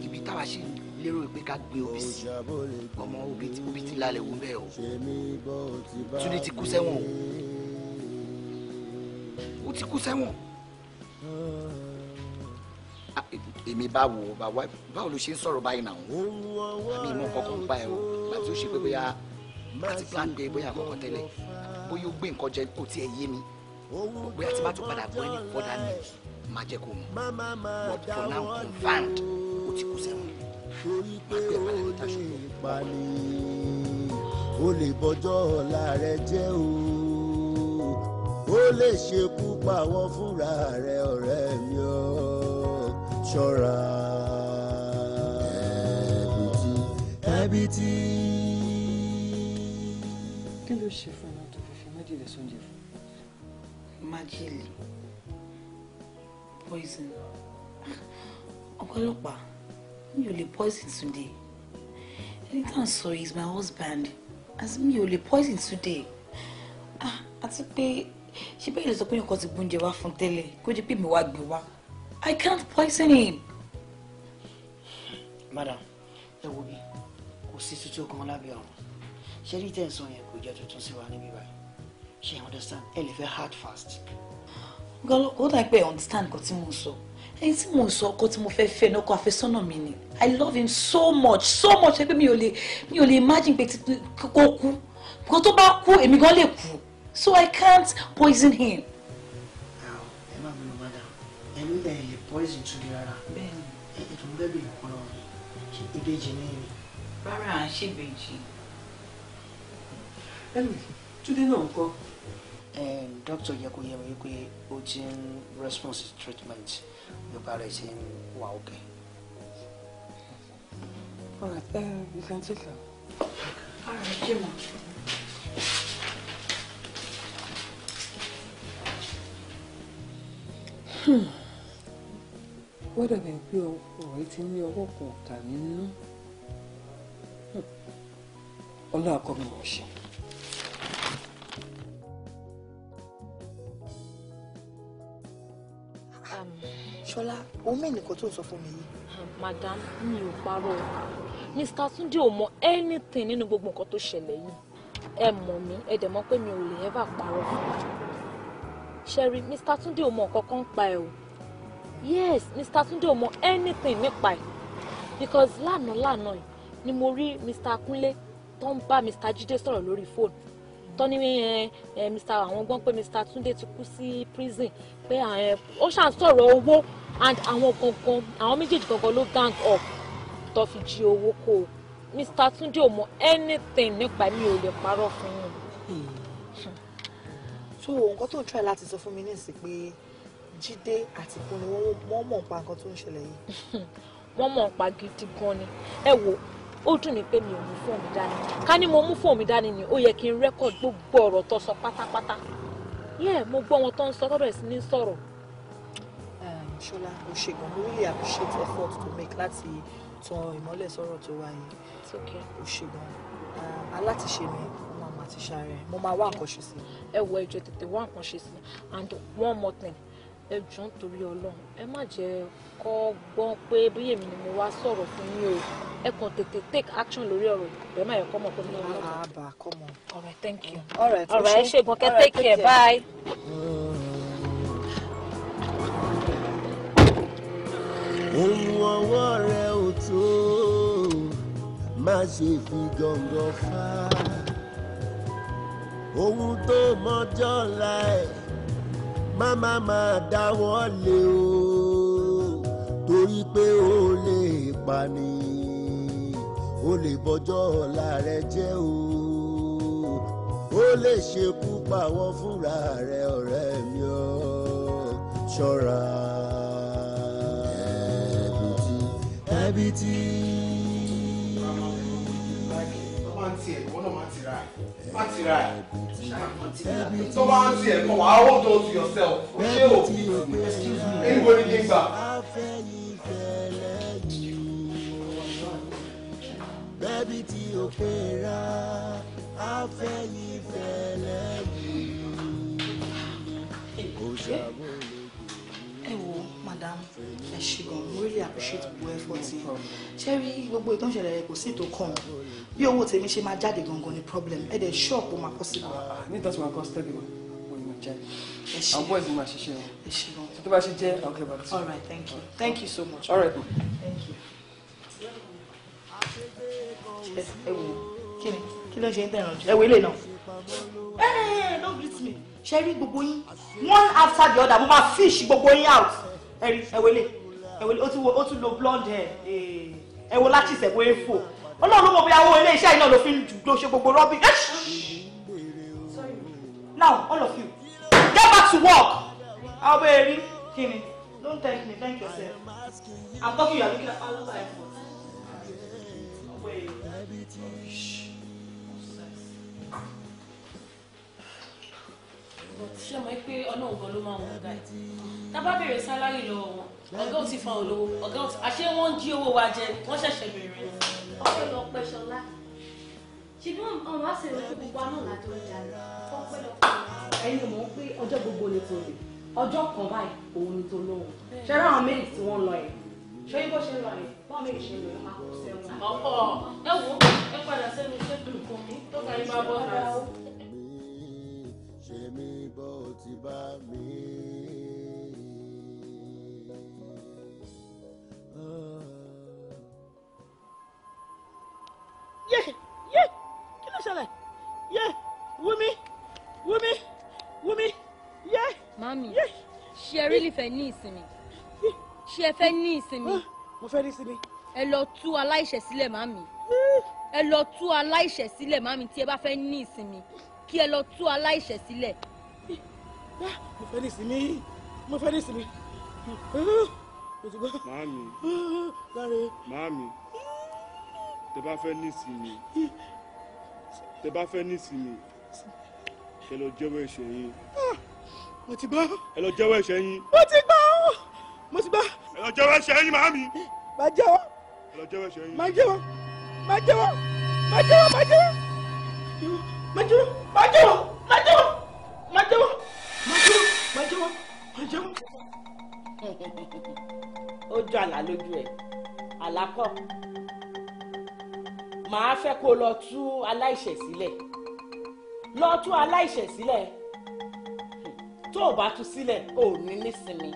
ibi táwa ṣe lérò pé ká gbé obì sí ọmọ obì ti lálẹ́ wo bẹ́ẹ̀ o Túndé ti kú sẹ́wọ̀n o ti kú sẹ́wọ̀n èmi báwo báwo ló ṣe ń sọ̀rọ̀ báyìí náà àmì ìmọ̀ kọ̀ọ̀kan pa ẹ̀ o àti ó ṣe pé bóyá àti plan day bóyá àkọ́kọ́ tẹ́lẹ̀ bóyá ó gbé nǹkan jẹ kò tiẹ̀ yé mi bóyá tí bá tún padà gbọ́ ẹni fọ́dà mi máa jẹ́ kó mọ̀ but for now confirmed ó ti kú sẹ́wọ̀n máa gbé ẹ̀pàdé ní tàṣù ó lè bọjọ́ ọ̀la rẹ jẹ́ o ó lè ṣekú pa àwọn fúnra rẹ ọ̀rẹ́ mi ọ́ ṣọ́ra. ẹbìtì ẹbìtì. kí ló ṣe fún iná tó fi fi májèlé sóúnjẹ fún. májèlé poison ọpọlọpàá mi ò lè poison Túndé ẹni tá à is my husband As mi ò lè poison Túndé ah, àti pé ṣé bẹ́ẹ̀ lè sọ pé nǹkan ti gbóúnjẹ wá fún tẹ́lẹ̀ kó jẹ́ pé mi wá gbé wá. I can't poison him. Madam, ẹ wo bí kò sí tuntun ọkùnrin lábẹ́ ọ̀run. Ṣé rí tẹ̀sán yẹn kò jẹ́ tuntun sí wa níbí báyìí? Ṣé you understand? Ẹ lè fẹ́ hard fast. Gọ́lọ́ kò dà pé understand kò tí mo sọ. Ẹni tí mo sọ ọkọ tí mo fẹ́ fẹ́ lọ́kọ àfẹ́sọ́nà mi ni. I love him so much so much pé mi ò lè mi ò lè imagine pé kò kú. Kò tó bá kú èmi gan lè kú. So I can't poison him. Ẹ máa mi lọ, madam. Ẹ ló dẹ̀ voice ìtúlẹ̀ rárá ètò ń bẹ́bí ìkọ́ lọ rẹ̀ ìbejì ní ìrìn. rárá à ń ṣèbejì. ẹnì túndé náà ń kọ́. dókítà yẹ kó yẹ mi wípé ó ti ń response treatment nípa rẹ̀ ṣe ń wà òkè. All right, uh, you can take them. All right, Hmm wọ́n dàbẹ̀ pé ọ̀rọ̀ yìí ti ní ọwọ́ kan ọ̀tà nínú hm. ọlọ́àkọ́ mi mọ̀ ṣe. ṣọlá òun mẹ́rin nìkan tó ń sọ fún mi yìí. madam mi ò parọ́ mr tunde ò mọ anything nínú gbogbo nǹkan tó ṣẹlẹ̀ yìí ẹ mọ̀ mí ẹ dẹ̀ mọ̀ pé mi ò lè ever parọ́ fún un ṣẹ́rí mr tunde ò mọ nǹkan kan pa ẹ̀ o yes mr Túndé ò mọ anything nípa ẹ̀ because lánàá lánàá ni mo rí mr Kúnlé tó ń bá mr Jide, sọ̀rọ̀ lórí fóònù tó ní eh, eh, mr àwọn gbọ́n pé mr Túndé ti kú sí prison pé eh, ó ṣàn sọ̀rọ̀ owó and àwọn gangan àwọn méjèèjì gangan ló gang up tó fi jí owó kó o mr Túndé ò mọ anything nípa mi ò lè parọ́ fún un. Hmm. so nǹkan tó ń try láti sọ fún mi nísìnyí pé Jídé àti Kúnlé wọ́n mọ̀ pa nǹkan tó ń ṣẹlẹ̀ yìí. wọ́n mọ̀ pa gidi gan ni ẹ wo ó dùn mí pé mi ò mú fóònù mi dání ká ní mo mú fóònù mi dání ni ó yẹ kí n rẹ́kọ̀d gbogbo ọ̀rọ̀ tó sọ pátápátá yẹ́ẹ̀ mo gbọ́ wọn tó ń sọ tó sí ní sọ̀rọ̀. Ehm, Ṣọlá o ṣe gan mo really appreciate effort to make láti tan ìmọ́lẹ̀ sọ̀rọ̀ tó wà yìí o ṣe gan ehm, alátiṣe mi mo máa ti ṣàárẹ̀ mo máa wá àkànṣe sí i. ẹ wo ẹjọ tètè wá àkànṣe sí i and one more thing ẹ nítorí Ọlọ́run ẹ má jẹ́ kọ́ gbọ́n pé bí èmi ni mo wá sọ̀rọ̀ fún yín o ẹ kàn tètè take action lórí ọ̀rọ̀ ẹ má yẹ kọ́ mọ̀ pé mi ò lọ́wọ́. àbá kọ́ mọ̀. ọ̀rẹ́ thank you. ọ̀rẹ́ tó ṣe ọ̀rẹ́ ṣe gbọ́n take care bye. ohun ọwọ́ rẹ ò tó má ṣe fi gàngàn fà ohun tó mọjọ́ la má má má dáwọ́ lé o torí pé o lè pani o lè bọjọ́ ọ̀la rẹ jẹ́ o o lè ṣekú pàwọ́ fúnra rẹ ọ̀rẹ́ mi o ṣọ́ra. ẹbí tí ẹbí tí. ọmọ tiẹ̀ má ti ra ẹ̀ tó hold on to yourself o ṣé o èyí wo ni gbígbà. bẹ́ẹ̀bi o pè ra afẹ́yìnfẹ́lẹ́ yìí kò ṣàbọ̀ ẹ ṣe gan mo really appreciate gbogbo effort yẹn ṣé rí gbogbo ìtàn ìṣẹ̀lẹ̀ kò sí ètò kan bí owó tèmi ṣe máa jáde gangan ni problem ẹ dẹ̀ ṣọ́ọ̀pù máa possible. nítorí tí wọn kọ steady one wọn ni mo jẹ àwọn boys ni màá ṣiṣẹ́ wọn tó bá ṣe jẹ àwọn kẹfà tí. all right thank you thank you so much. all right ma. thank you. ẹ wo kí ni kí ló ń ṣe ń tẹ̀ràn ẹ wo ilé náà. ẹ ẹ don't greet me ṣe rí gbogbo yín one after the other mo máa fish gbogbo yín out ẹ̀rí ẹ̀wẹ̀lẹ̀ ẹ̀wẹ̀lẹ̀ ó tún lo blonde hair eh, ẹ̀wọ̀ láti ìṣẹ̀wọ̀ èèfò ọlọ́run ló mọ̀ bí awọ ilé iṣẹ́ iná ló fi ń dùgbò ṣe gbogbo rọ́bì. now all of you get back to work. àwọn ọmọ erin kí ni don't thank me thank yourself i'm talking you are looking at my whole life. ọmọ erin. but ṣé mo pé ọlọ́run gan ló máa wọ̀ ọ̀gá ẹ̀ tá a bá bèrè sálárì lọ́wọ́ wọn ọ̀gá ò ti fa olówó ọ̀gá ò ti àṣé wọ́n ń jí owó wa jẹ wọ́n ṣẹ̀ṣẹ̀ bẹ̀rẹ̀ ni. ọpẹ́ lọ pẹ ṣọlá ṣùgbọ́n ọmọ àṣẹ rẹ gbogbo aná làjọ ń jalè ọpẹ́ lọ pẹ. ẹ̀yin mọ̀ pé ọjọ́ gbogbo ni tòun ọjọ́ kan báyìí òun ni tó lóhùn ṣẹ́rẹ́ àwọn méjì tí wọ́n lọ ṣe mí bó ti bá mi. yé yé kí ló ṣẹlẹ̀ yé Wumi Wumi Wumi yé. mami ṣe ẹ rí ìfẹ́ ní ìsinmi ṣe ẹ fẹ́ ní ìsinmi. mo fẹ́ ní ìsinmi. ẹ lọ tú aláìṣẹ̀ sílẹ̀ mami ẹ lọ tú aláìṣẹ̀ sílẹ̀ mami tí ẹ bá fẹ́ ní ìsinmi kí ẹ lọ tú aláìṣẹ̀ sílẹ̀. mo fẹ́ ní ìsinmi mo fẹ́ ní ìsinmi. màámi màámi tẹ bá fẹ́ ní ìsinmi tẹ bá fẹ́ ní ìsinmi ẹ lọ jẹ́wọ́ ẹ̀ṣẹ̀ yín. mo ti gbọ́. ẹ lọ jẹ́wọ́ ẹ̀ṣẹ̀ yín. mo ti gbọ́ mo ti gbọ́. ẹ lọ jẹ́wọ́ ẹ̀ṣẹ̀ yín màámi. má jẹ́wọ́. ẹ lọ jẹ́wọ́ ẹ̀ṣẹ̀ yín. má jẹ́wọ́ má jẹ́wọ́ má jẹ́wọ́ má jẹ́wọ́ maju, maju, maju, maju, maju, maju, maju. jẹ́wọ́ má jẹ́wọ́ má jẹ́wọ́ má jẹ́wọ́. ó jọ àlá lójú ẹ àlá kọ́ màá fẹ́ kó lọ tú aláìṣẹ̀ sílẹ̀ lọ tú aláìṣẹ̀ sílẹ̀ tó o bá tú sílẹ̀ ò ní nísinmi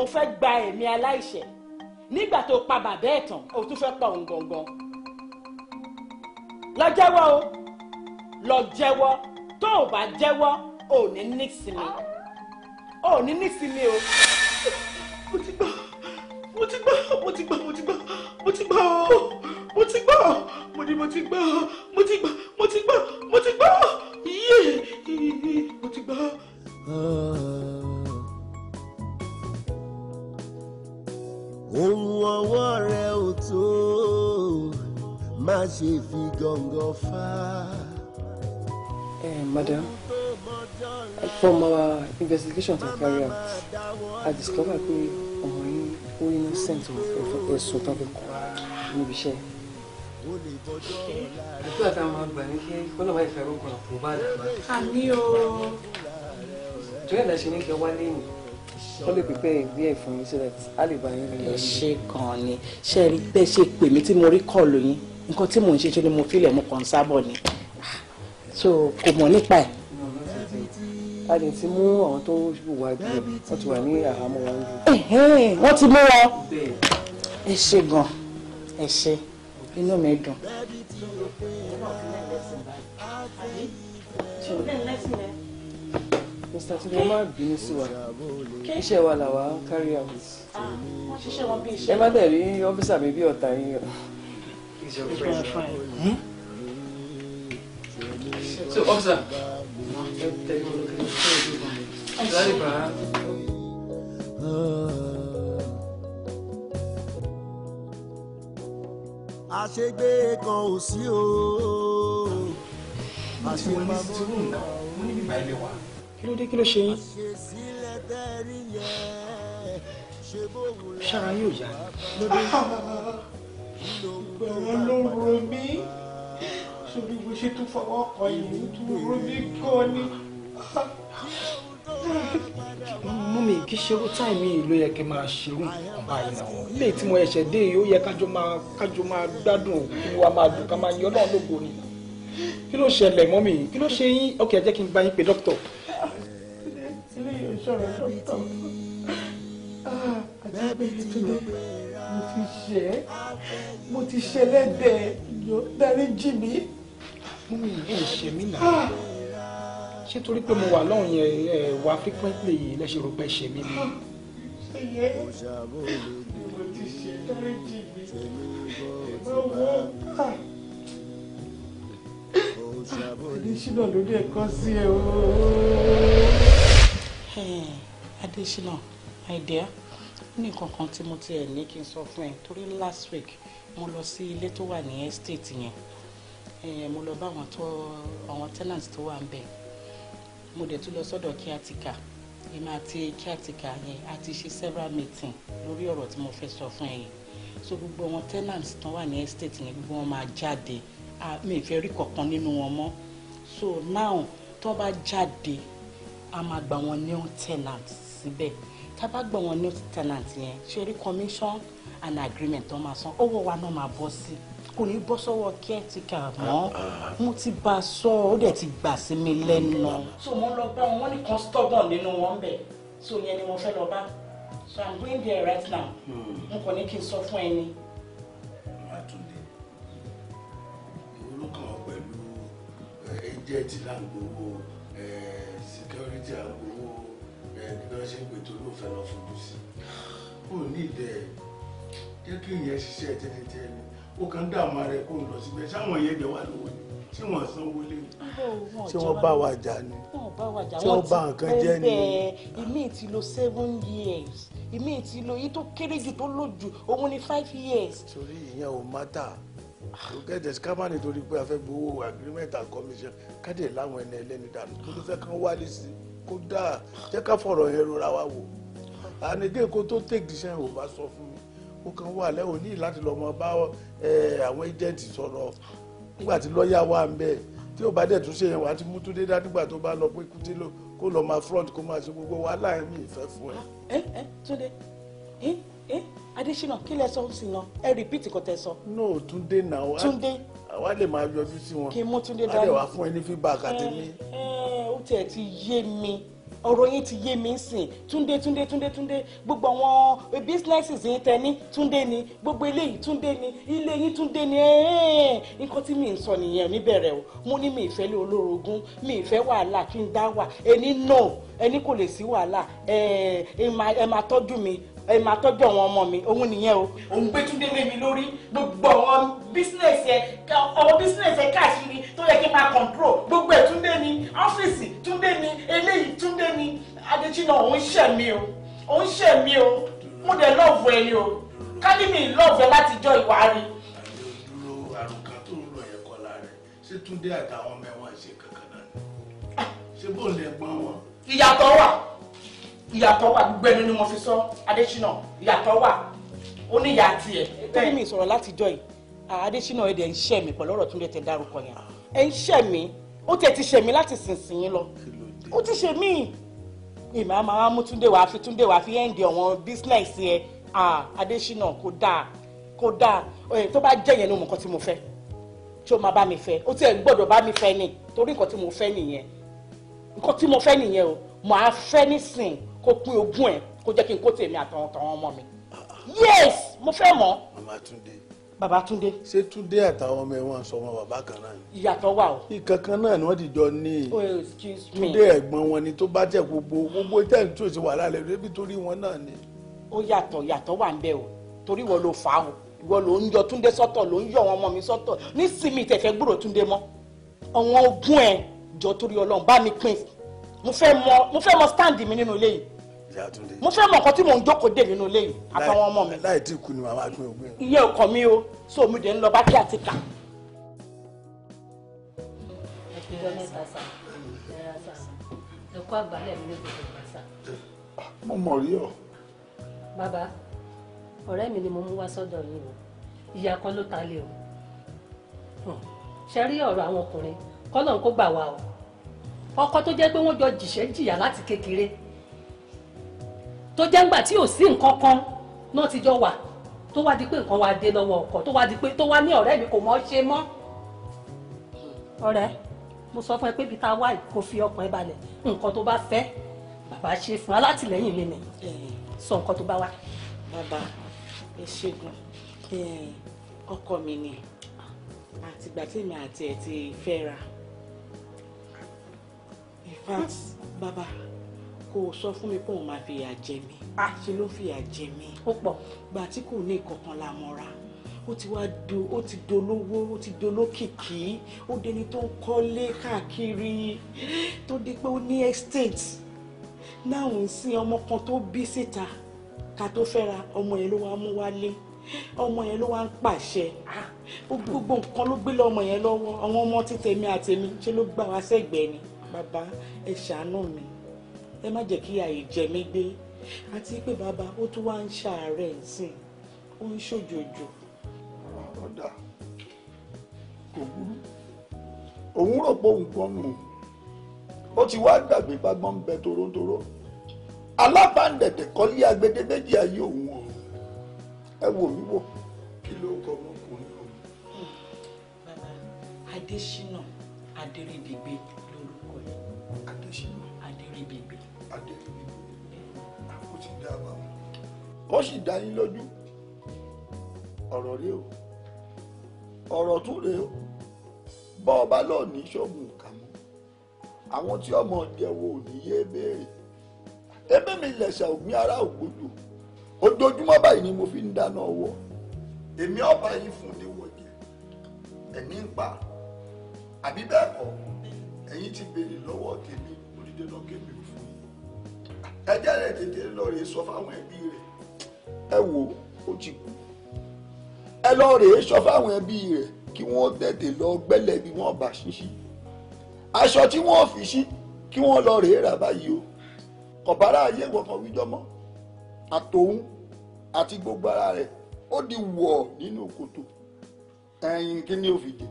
o fẹ́ gba ẹ̀mí aláìṣẹ̀ nígbà tó pa bàbá ẹ̀ tán o tún fẹ́ pa òun gangan lọ jẹ́wọ́ o lọ jẹ́wọ́ tó o bá jẹ́wọ́ o ní nísìmí o ní nísìmí o. mo ti gbọ́ mo ti gbọ́ mo ti gbọ́ mo ti gbọ́ mo ti gbọ́ o mo ti gbọ́ mo ní mo ti gbọ́ mo ti gbọ́ mo ti gbọ́ mo ti gbọ́ yíyé mo ti gbọ́. ohun ọwọ́ rẹ̀ ò tó má ṣe fi gàngàn fà Hey, eh, madam, from our investigation to carry out, I discovered we ọmọ yín ó innocent of ẹ̀sùn tó fi kọ́ níbi iṣẹ́. Àdúrà tá a máa gbà ní kí kọ́nà máa fẹ́ rúkun àpò bá dàgbà. Àmì o. Jọ́yìn la ṣe ní kí ẹ wá lẹ́yìn. Wọ́n lè pípẹ́ ìwé ẹ̀ fún yín so that a lè bá yín lọ. Ẹ ṣe gan ni, ṣe rí bẹ́ẹ̀ ṣe pè mí tí mo rí kọ́ọ̀lù yín. Nǹkan tí mò ń ṣe ṣe ni mo fílẹ̀ mo kàn ń sábọ̀ ni so kò mọ̀ nípa ẹ̀ a lè ti mú àwọn tó wà jù wọ́n ti wà ní àhámọ́ wọn jù. wọ́n ti mú wọn ẹ ṣe gan ẹ ṣe inú mi dùn. Mr. Tunde má bínú sí wa iṣẹ́ wa làwa carry out ẹ má dẹ̀ rí ọ́fíìsà mi bí ọ̀tá yín. Is your friend? Hmm? so officer àṣegbé kan ò sí o. àṣegbé kan ò sí o kí ló dé kí ló ṣe yín. ṣára yóò yá. ọ̀rọ̀ ló rọ mí tún bí ṣe tún fọwọ́ kọ ìlú tún rúbí kọ́ ni. mú mi kí ṣerú táìmì ìlú yẹ kí n máa ṣerú nǹkan báyìí ilé tí mo ẹ̀ṣẹ̀ dé yìí ó yẹ kájọ máa kájọ máa gbádùn òkú wa máa dùn ká máa yọ náà lógo ni kí ló ṣẹlẹ̀ mọ́ mi kí ló ṣe yín ok ẹ kí n bá yín pe dókítọ̀. ilé yóò ṣọ̀rọ̀ dókítọ̀ ah, àti ibi tí mo ti ṣe é mo ti ṣẹlẹ̀ dẹ̀ yóò dárí jì mí mú mi ẹ mí nà ṣé torí pé mo wà lọ́hùn yẹn ẹ wà frequently lẹ́sẹ̀ rò pé ṣe mí ni. ṣèyẹ mo ti sí ẹ o. adésínà my dear ní nǹkan kan tí mo ti ẹ̀ ní kí n sọ fún ẹ torí last week mo lọ sí ilé tó wà ní estate yẹn Eh, mo lọ bá àwọn tó àwọn tenants tó wà ń bẹ̀ mo dẹ̀ tún lọ sọ́dọ̀ kíátíkà èmi àti kíátíkà yẹn a ti ṣe several meeting lórí ọ̀rọ̀ tí mo fẹ́ sọ fún ẹ̀yin so gbogbo àwọn tenants tó wà ní estate yẹn gbogbo wọn máa jáde mi ìfẹ́ rí kọ̀ọ̀kan nínú wọn mọ́ so now tó bá jáde a máa gbà wọn new tenants síbẹ̀ tá a bá gbà wọn new tenants yẹn ṣe rí commission and agreement tó máa san owó wa náà máa bọ́ sí. Si kò ní bọ́ sọ́wọ́ kẹ́ẹ̀tìkà mọ́ mo ti bá a sọ ó dẹ̀ ti gbà sí mi lẹ́nu. so mo lọ bá wọn ní kan stubborn nínú wọn bẹ so yẹn ni mo fẹ́ lọ bá so i'm going there right now hmm. n kò ní kí n sọ fún ẹni. Màtúndé olùkọ́ pẹ̀lú ẹjẹ̀tì eh, láǹgbowó eh, security àgbowó eh, bí wọ́n ṣe ń pètò olóòfẹ́ lọ fojú sí. ó ní ìdẹ jẹ́ kí ìyẹn ṣiṣẹ́ tẹ́lẹ̀tẹ́lẹ̀ ó kàn dààmú ara ẹ kó lọ síbẹ̀ sáwọn yẹn jẹ wà lówó ni tí wọ́n sanwó lé tí wọ́n bá wa jà ni tí wọ́n bá nǹkan jẹ́ ni. ìmí ti lò seven years ìmí ti lò yìí tó kéré jù tó lò jù òun ni five years. torí ìyẹn ò má tà ló gẹ́gẹ́ sí kámá nítorí pé a fẹ́ gbowó agreement and commission kádé láwọn ẹni ẹlẹ́ni dànù tó ló fẹ́ kán wálé sí kó dáa jẹ́ ká fọ̀rọ̀ yẹn rora wa wò ànídé kó tó take decision ò bá sọ fún mi ó kàn wà lẹ́wọ̀n ní láti lọ mọ bá àwọn ẹ́jẹ̀ǹtì sọ̀rọ̀ nígbà tí lọ́ọ̀yà wà ń bẹ̀ tí ó bá dẹ̀ tún ṣe yẹn wà á ti mú Túndé dá nígbà tó bá lọ pé Kútì ló kó lọ máa front kó máa ṣe gbogbo wàhálà mi ìfẹ́ fún ẹ. ẹ ẹ kí lẹ sọ ń sìn ẹ rìpíìtì kò tẹ sọ. no Túndé náà Túndé àwa lè máa yọjú sí wọn kí mú Túndé dání wàá fún ẹ ní feedback àtẹmí. ẹ ẹ ó tiẹ̀ ti yé mi ọ̀rọ̀ yín ti yé mi ń sìn túndé túndé túndé túndé gbogbo àwọn businesses yín tẹ ní túndé ni gbogbo eléyìí túndé ni ilé yín túndé ni nǹkan tí mi ń sọ nìyẹn níbẹ̀rẹ̀ o mo ní mi ìfẹ́ lé olórogún mi ìfẹ́ wàhálà kí n dá wà ẹni náà ẹni kò lè sí wàhálà ẹ ẹ máa tọ́jú mi ẹ máa tọ́jú àwọn ọmọ mi òun nìyẹn o òun gbé túndé lé mi lórí gbogbo àwọn bísínẹ̀sì ẹ ọwọ́ bísínẹ̀sì ẹ káàkiri tó yẹ kí n máa kọ̀ǹtró gbogbo ẹ̀ túndé ni ọ́fíìsì túndé ni eléyìí túndé ni adéjínà òun ṣẹ̀ mi o òun ṣẹ̀ mi o mo dẹ̀ lọ́ọ̀bù ẹ ni o kádìmí lọ́ọ̀bù ẹ láti jọ ìwà rí. ṣé túndé àtàwọn ọmọ ẹ wọn ṣe kankan náà ah. ṣé bóun lè ìyàtọ̀ wà gbogbo ẹnu ni mo fi sọ Adésínà ìyàtọ̀ wà ó ní ìyá tiẹ̀. torí mi sọ̀rọ̀ látijọ́ yìí Adésínà ẹ̀dẹ̀ ń ṣẹ̀ mí pẹ̀lú ọ̀rọ̀ tó ń tẹ̀ dárúkọ yẹn ẹ̀ ń ṣẹ̀ mí ó tẹ̀ ti ṣẹ̀ mí láti sìnsìn yín lọ ó ti ṣe mí ìmọ̀ àmọ́ àwọn mútúndé wàá fi túndé wàá fi ẹ̀ǹdì ọ̀wọ́n bísínẹ̀sì ẹ̀ Adésínà kò dáa kò dáa tó bá jẹ́ yẹn ló mọ̀ nǹkan tí mo fẹ́ tí ó máa bá mi fẹ́ kó pín ogún ẹ̀ kó jẹ́ kí n kó tèmi àtàwọn tàwọn ọmọ mi. yes mo fẹ́ mọ̀. màmá túnde. bàbá túnde. ṣé túnde àtàwọn ọmọ ẹ wọn sọ wọn bàbá kan náà ni. ìyàtọ̀ wà o. ìkankan náà ni wọ́n ti jọ ní. oh excuse me. túnde ẹ̀gbọ́n wọn ni tó bá tẹ̀ gbogbo gbogbo tẹ̀ ń tún sí wàhálà rẹ̀ débi torí wọn náà ni. ó yàtọ̀ yàtọ̀ wà ń bẹ o torí wọ́n ló fà á o ìwọ ló ń yọ túnde sọ́tọ̀ ló ń yọ àwọn ọmọ mi sọ́tọ̀ nísìmí tẹfẹ gbúrò túnde mọ àwọn ogún ẹ jọ torí Ọlọ́run bá mi pín mo fẹ́ mọ̀ mo fẹ́ mọ̀ stand mi nínú ilé Yàtúndé. mo fẹ́ mọ̀ nǹkan tí mò ń jókòó dè nínú ilé yìí àtàwọn ọmọ mi. láì tí kú ni màmá pín ogún. iye ọkọ mi o so omi dè ń lọ bá kí àti kà. mo mọ̀ rí ọ. bàbá ọ̀rẹ́ mi ni mo mú wá sọ́dọ̀ yìí o ìyá kan ló ta lé o ṣe rí ọ̀rọ̀ àwọn ọkùnrin kọ́nà kó gbà wá o ọkọ tó jẹ́ pé wọ́n jọ jìṣẹ́ jìyà láti kékeré tó jẹ́ ńgbà tí ò sí nǹkan náà ti jọ wà tó wá di pé nǹkan wá dé lọ́wọ́ ọkọ tó wá di pé tó wá ní ọ̀rẹ́ mi kò mọ̀ ṣe mọ́. ọ̀rẹ́ mo sọ fún ẹ pé ibi tá kò fi ọkàn ẹ balẹ̀ nǹkan tó bá fẹ́ bàbá ṣe fún alátìlẹ́yìn mi nì sọ nǹkan tó bá wá. bàbá ẹ ṣègùn ọkọ mi ni àtìgbà tèmi àti ẹ ti fẹ́ ra in fact bàbá. Hmm? kò sọ fún mi pé òun máa fìyà jẹ mí ah. ṣe ló fìyà jẹ mí ó pọ̀ gbà tí kò ní ìkọ̀kan la mọ́ra ó ti wá do ó ti dolówó ó ti dolókìkí ó dẹni tó ń kọ́lé káàkiri tó di pé ó ní estate náà ń sin ọmọ kan tó bí síta ká tó fẹ́ra ọmọ yẹn ló wá mú wálé ọmọ yẹn ló wá ń pàṣẹ ah. gbogbo nǹkan ló gbé lọ ọmọ yẹn lọ́wọ́ àwọn ọmọ títẹ̀mí àtẹ̀mí ṣe ló gbà wá sẹ́gbẹ̀ẹ́ ni bàbá ẹ ṣàánú mi ẹ má jẹ́ kí àyè jẹ mí gbé àti pé bàbá ó tún wá ń ṣàárẹ̀ nsìn ó ń ṣòjòjò. ọ̀dà kò burú òun rò pé òun kan nù ó ti wá gbàgbé bágbọ́n ń bẹ torótoró alábàndẹ̀dẹ̀ kọ́lé agbede méjì ayé òun o ẹ wò mí wò kí ló kọ ọmọkùnrin o. bàbá adésínà adéríbigbé lórúkọ yìí. adésínà adẹ̀rẹ̀ ó ti dá a bá wọn. ó sì dá yín lójú ọ̀rọ̀ rèé o ọ̀rọ̀ tún rèé o bọ́ ọba lọ́ọ̀ ní ṣọ́ọ̀bù nǹkan mọ́ àwọn tí ọmọ jẹ́wọ́ ò ní yé béèrè ebe mi lẹ̀ṣà ògbín ara ògbójú ojoojúmọ́ báyìí ni mo fi ń dáná ọwọ́ èmi ọba yìí fún ní wọ̀jẹ̀ ẹ̀mí ń pa àbí bẹ́ẹ̀ kọ́ ẹ̀yin ti béèrè lọ́wọ́ tèmi onídẹ́nà ẹjẹ rẹ tètè lọrẹ sọ fáwọn ẹbí rẹ ẹ wò ó ti kú ẹ lọrẹ sọ fáwọn ẹbí rẹ kí wọ́n tètè lọ gbẹ́lẹ̀ bí wọ́n bá ṣíṣí aṣọ tí wọ́n fi sí kí wọ́n lọ rèé rà báyìí o kọ̀bárà ayé kankan wíjọ mọ́ àtòun àti gbogbo ara rẹ̀ ó di wọ̀ nínú kòtò ẹ̀yìn kí ni ó fi jẹ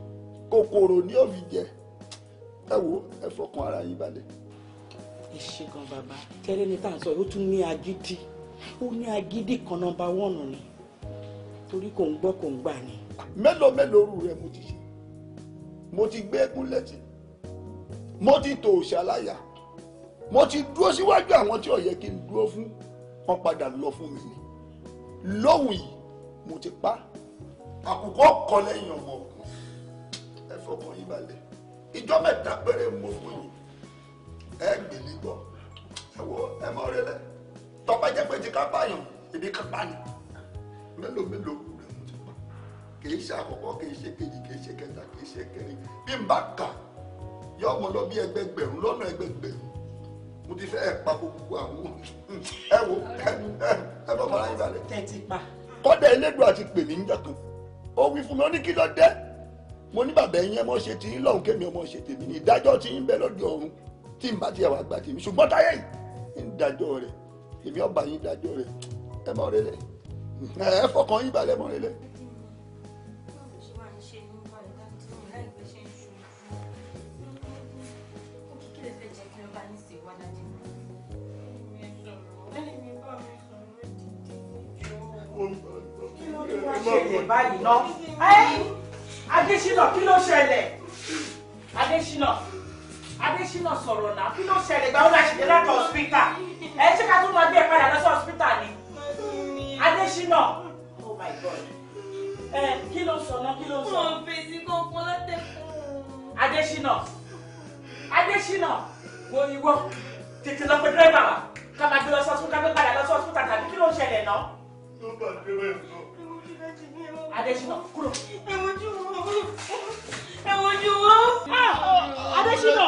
kòkòrò ni ó fi ẹ wo ẹ fọkàn ara yín balẹ̀ ẹ ṣe gan bàbá tẹ́lẹ̀ ní tàǹsọ̀ ó tún ní agídí ó ní agídí kan nọmba wọ́ọ̀nù ni torí kò ń gbọ́ kò ń gbà ni. mélòó mélòó rú rẹ mo ti ṣe mo ti gbé eégún létí mo ti tò ṣàlàyà mo ti dúró síwájú àwọn tí ò yẹ kí n dúró fún wọn padà lọ fún mi ni lóhùn yìí mo ti pa àkùkọ kọ lẹ́yìn ẹ fọkàn yín balẹ̀ ìjọ mẹ́ta péré mo fún yín ẹ gbè mí gbọ́ ẹ wo ẹ mọ rẹ lẹ tọ́pẹ́ jẹ́ pé ti ká pààyàn ibi ká pa ni mélòó mélòó kù rẹ̀ mo ti pa kìí ṣe àkọ́kọ́ kìí ṣe kejì kìí ṣe kẹta kìí ṣe kẹrin bí n bá kà yọ ọmọ lọ bí ẹgbẹgbẹ̀rún lọ́nà ẹgbẹgbẹ̀rún mo ti fẹ́ ẹ̀ pa gbogbo àwọn ẹ wo ẹ ẹ bọ́ mọ́ra yín balẹ̀. tẹ́tí pa. kọ́dà elédùn àti pè mí ń jẹ́ kan ó wí fún mi ó ní kí ló dé mo ní bàbá ẹ̀yin ẹ mọ̀ ṣe tí ń lọ́hùn kémi ọmọ ṣe tèmi ní ìdájọ́ tí ń bẹ lọ́dọ̀ ọ̀run tí n bá tiẹ̀ wá gbà tèmi ṣùgbọ́n táyé ń dájọ́ rẹ̀ èmi ọba yìí ń dájọ́ rẹ̀ ẹ mọ̀ rẹ̀ lẹ̀ ẹ fọkàn yín balẹ̀ mọ̀ rẹ̀ lẹ̀. ṣẹlẹ̀ kí ló ṣẹlẹ̀? Adéṣínà. Adésínà sọ̀rọ̀ náà kí ló ṣẹlẹ̀ gbà ó la ṣẹlẹ̀ láti ọ̀sìpítà ẹ ṣé ká tún lọ gbé ẹ padà lọ sí ọ̀sìpítà ni Adésínà oh my god ẹ kí ló sọ náà kí ló sọ. mo fèsì kankan látẹ̀kùn. Adésínà Adésínà wo ìwọ tètè lọ pé dírẹ́bà wa ká máa gbé lọ sí ọ̀sìpítà ká gbé padà lọ sí ọ̀sìpítà tàbí kí ló ṣẹlẹ̀ náà. Adésínà kúrò ẹ wojú wọn. adesina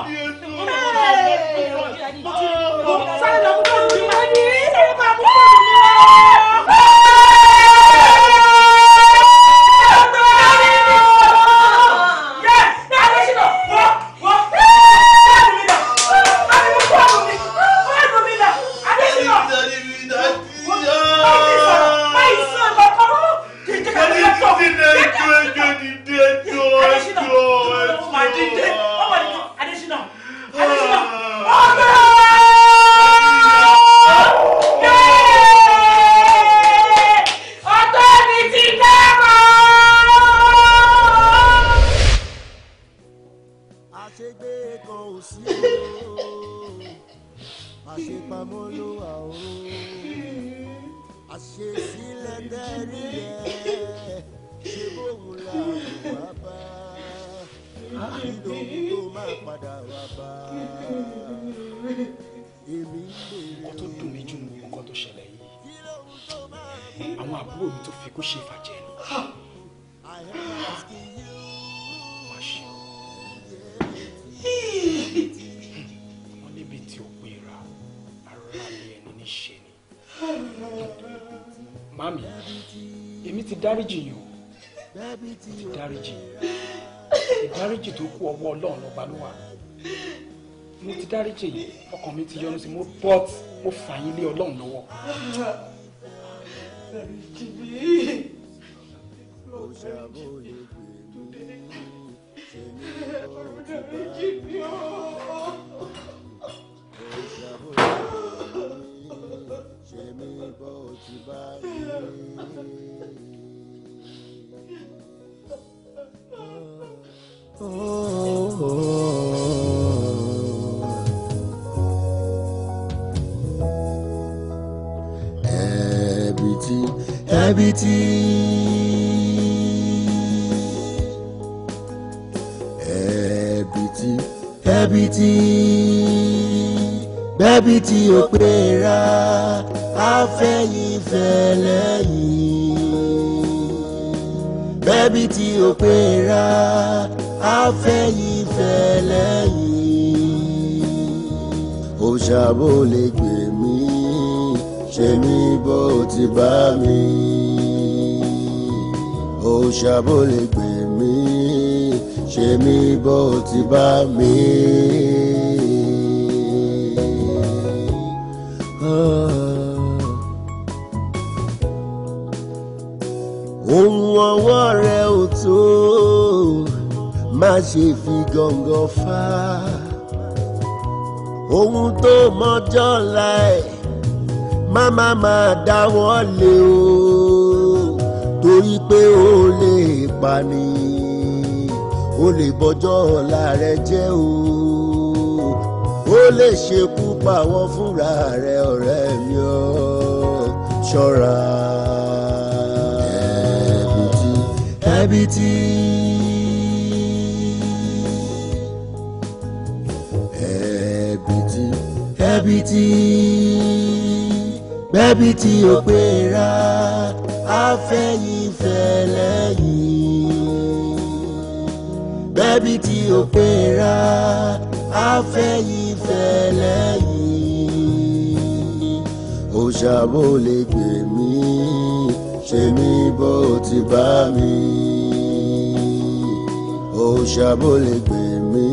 sáré lọ kúkọ ní ìwádìí sáré máa kúkọ ní ìwádìí. orí tí ó pé ra afẹ́yìnfẹ́ lẹ́yìn tí ó pé ra afẹ́yìnfẹ́ lẹ́yìn lè gbè mí ṣe mí bó ti bá mi òṣàbò lè gbè mí ṣe mí bó ti bá mi. ohun ọwọ́ rẹ ò tó má ṣe fi gàngàn fà ohun tó mọjọ́ láì má má má dáwọ́ lé o torí pé o lè pa ni o lè bọjọ́ ọ̀la rẹ jẹ́ o lè ṣekú pa wọ́n fúnra rẹ̀ ọ̀rẹ́ mi ó ṣọ́ra. ẹbìtì ẹbìtì ẹbìtì ẹbìtì bẹ́bìtì ò pé ra afẹ́yìnfẹ́ lẹ́yìn bẹ́bìtì ò pé ra afẹ́yìn lẹ́yìn ó ṣàbò lè gbè mí ṣe mí bó ti bá mi ó ṣàbò lè gbè mí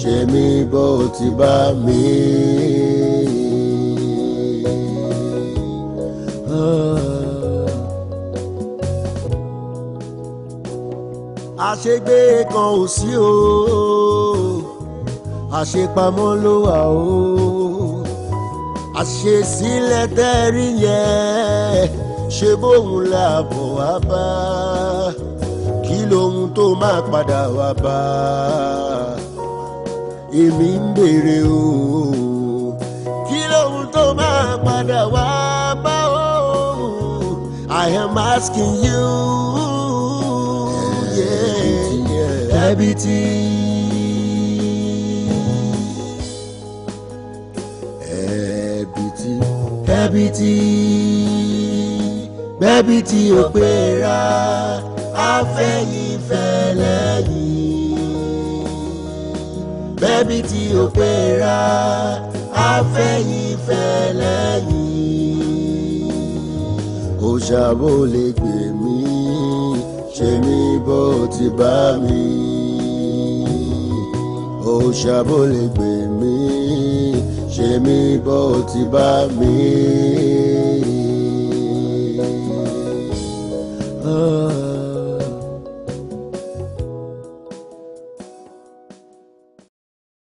ṣe mí bó ti bá mi. Ah. àṣegbé kan ò sí o àṣepamọ́ ló wà o àṣesílẹ̀ tẹ́rí yẹn ṣe bóun làbọ̀ wá bá kí lohun tó máa padà wá bá èmi ń béèrè o kí lohun tó máa padà wá bá o I am asking you. Yeah, yeah, bẹ́bítì bẹ́bítì ò pé ra afẹ́yìn fẹ́lẹ́ yìí bẹ́bítì ò pé ra afẹ́yìn fẹ́lẹ́ yìí kò ṣàbò gbè mí ṣe mí bó ti bá mi ò ṣàbò gbè mí ṣe mí bó ti bá mi. Oh.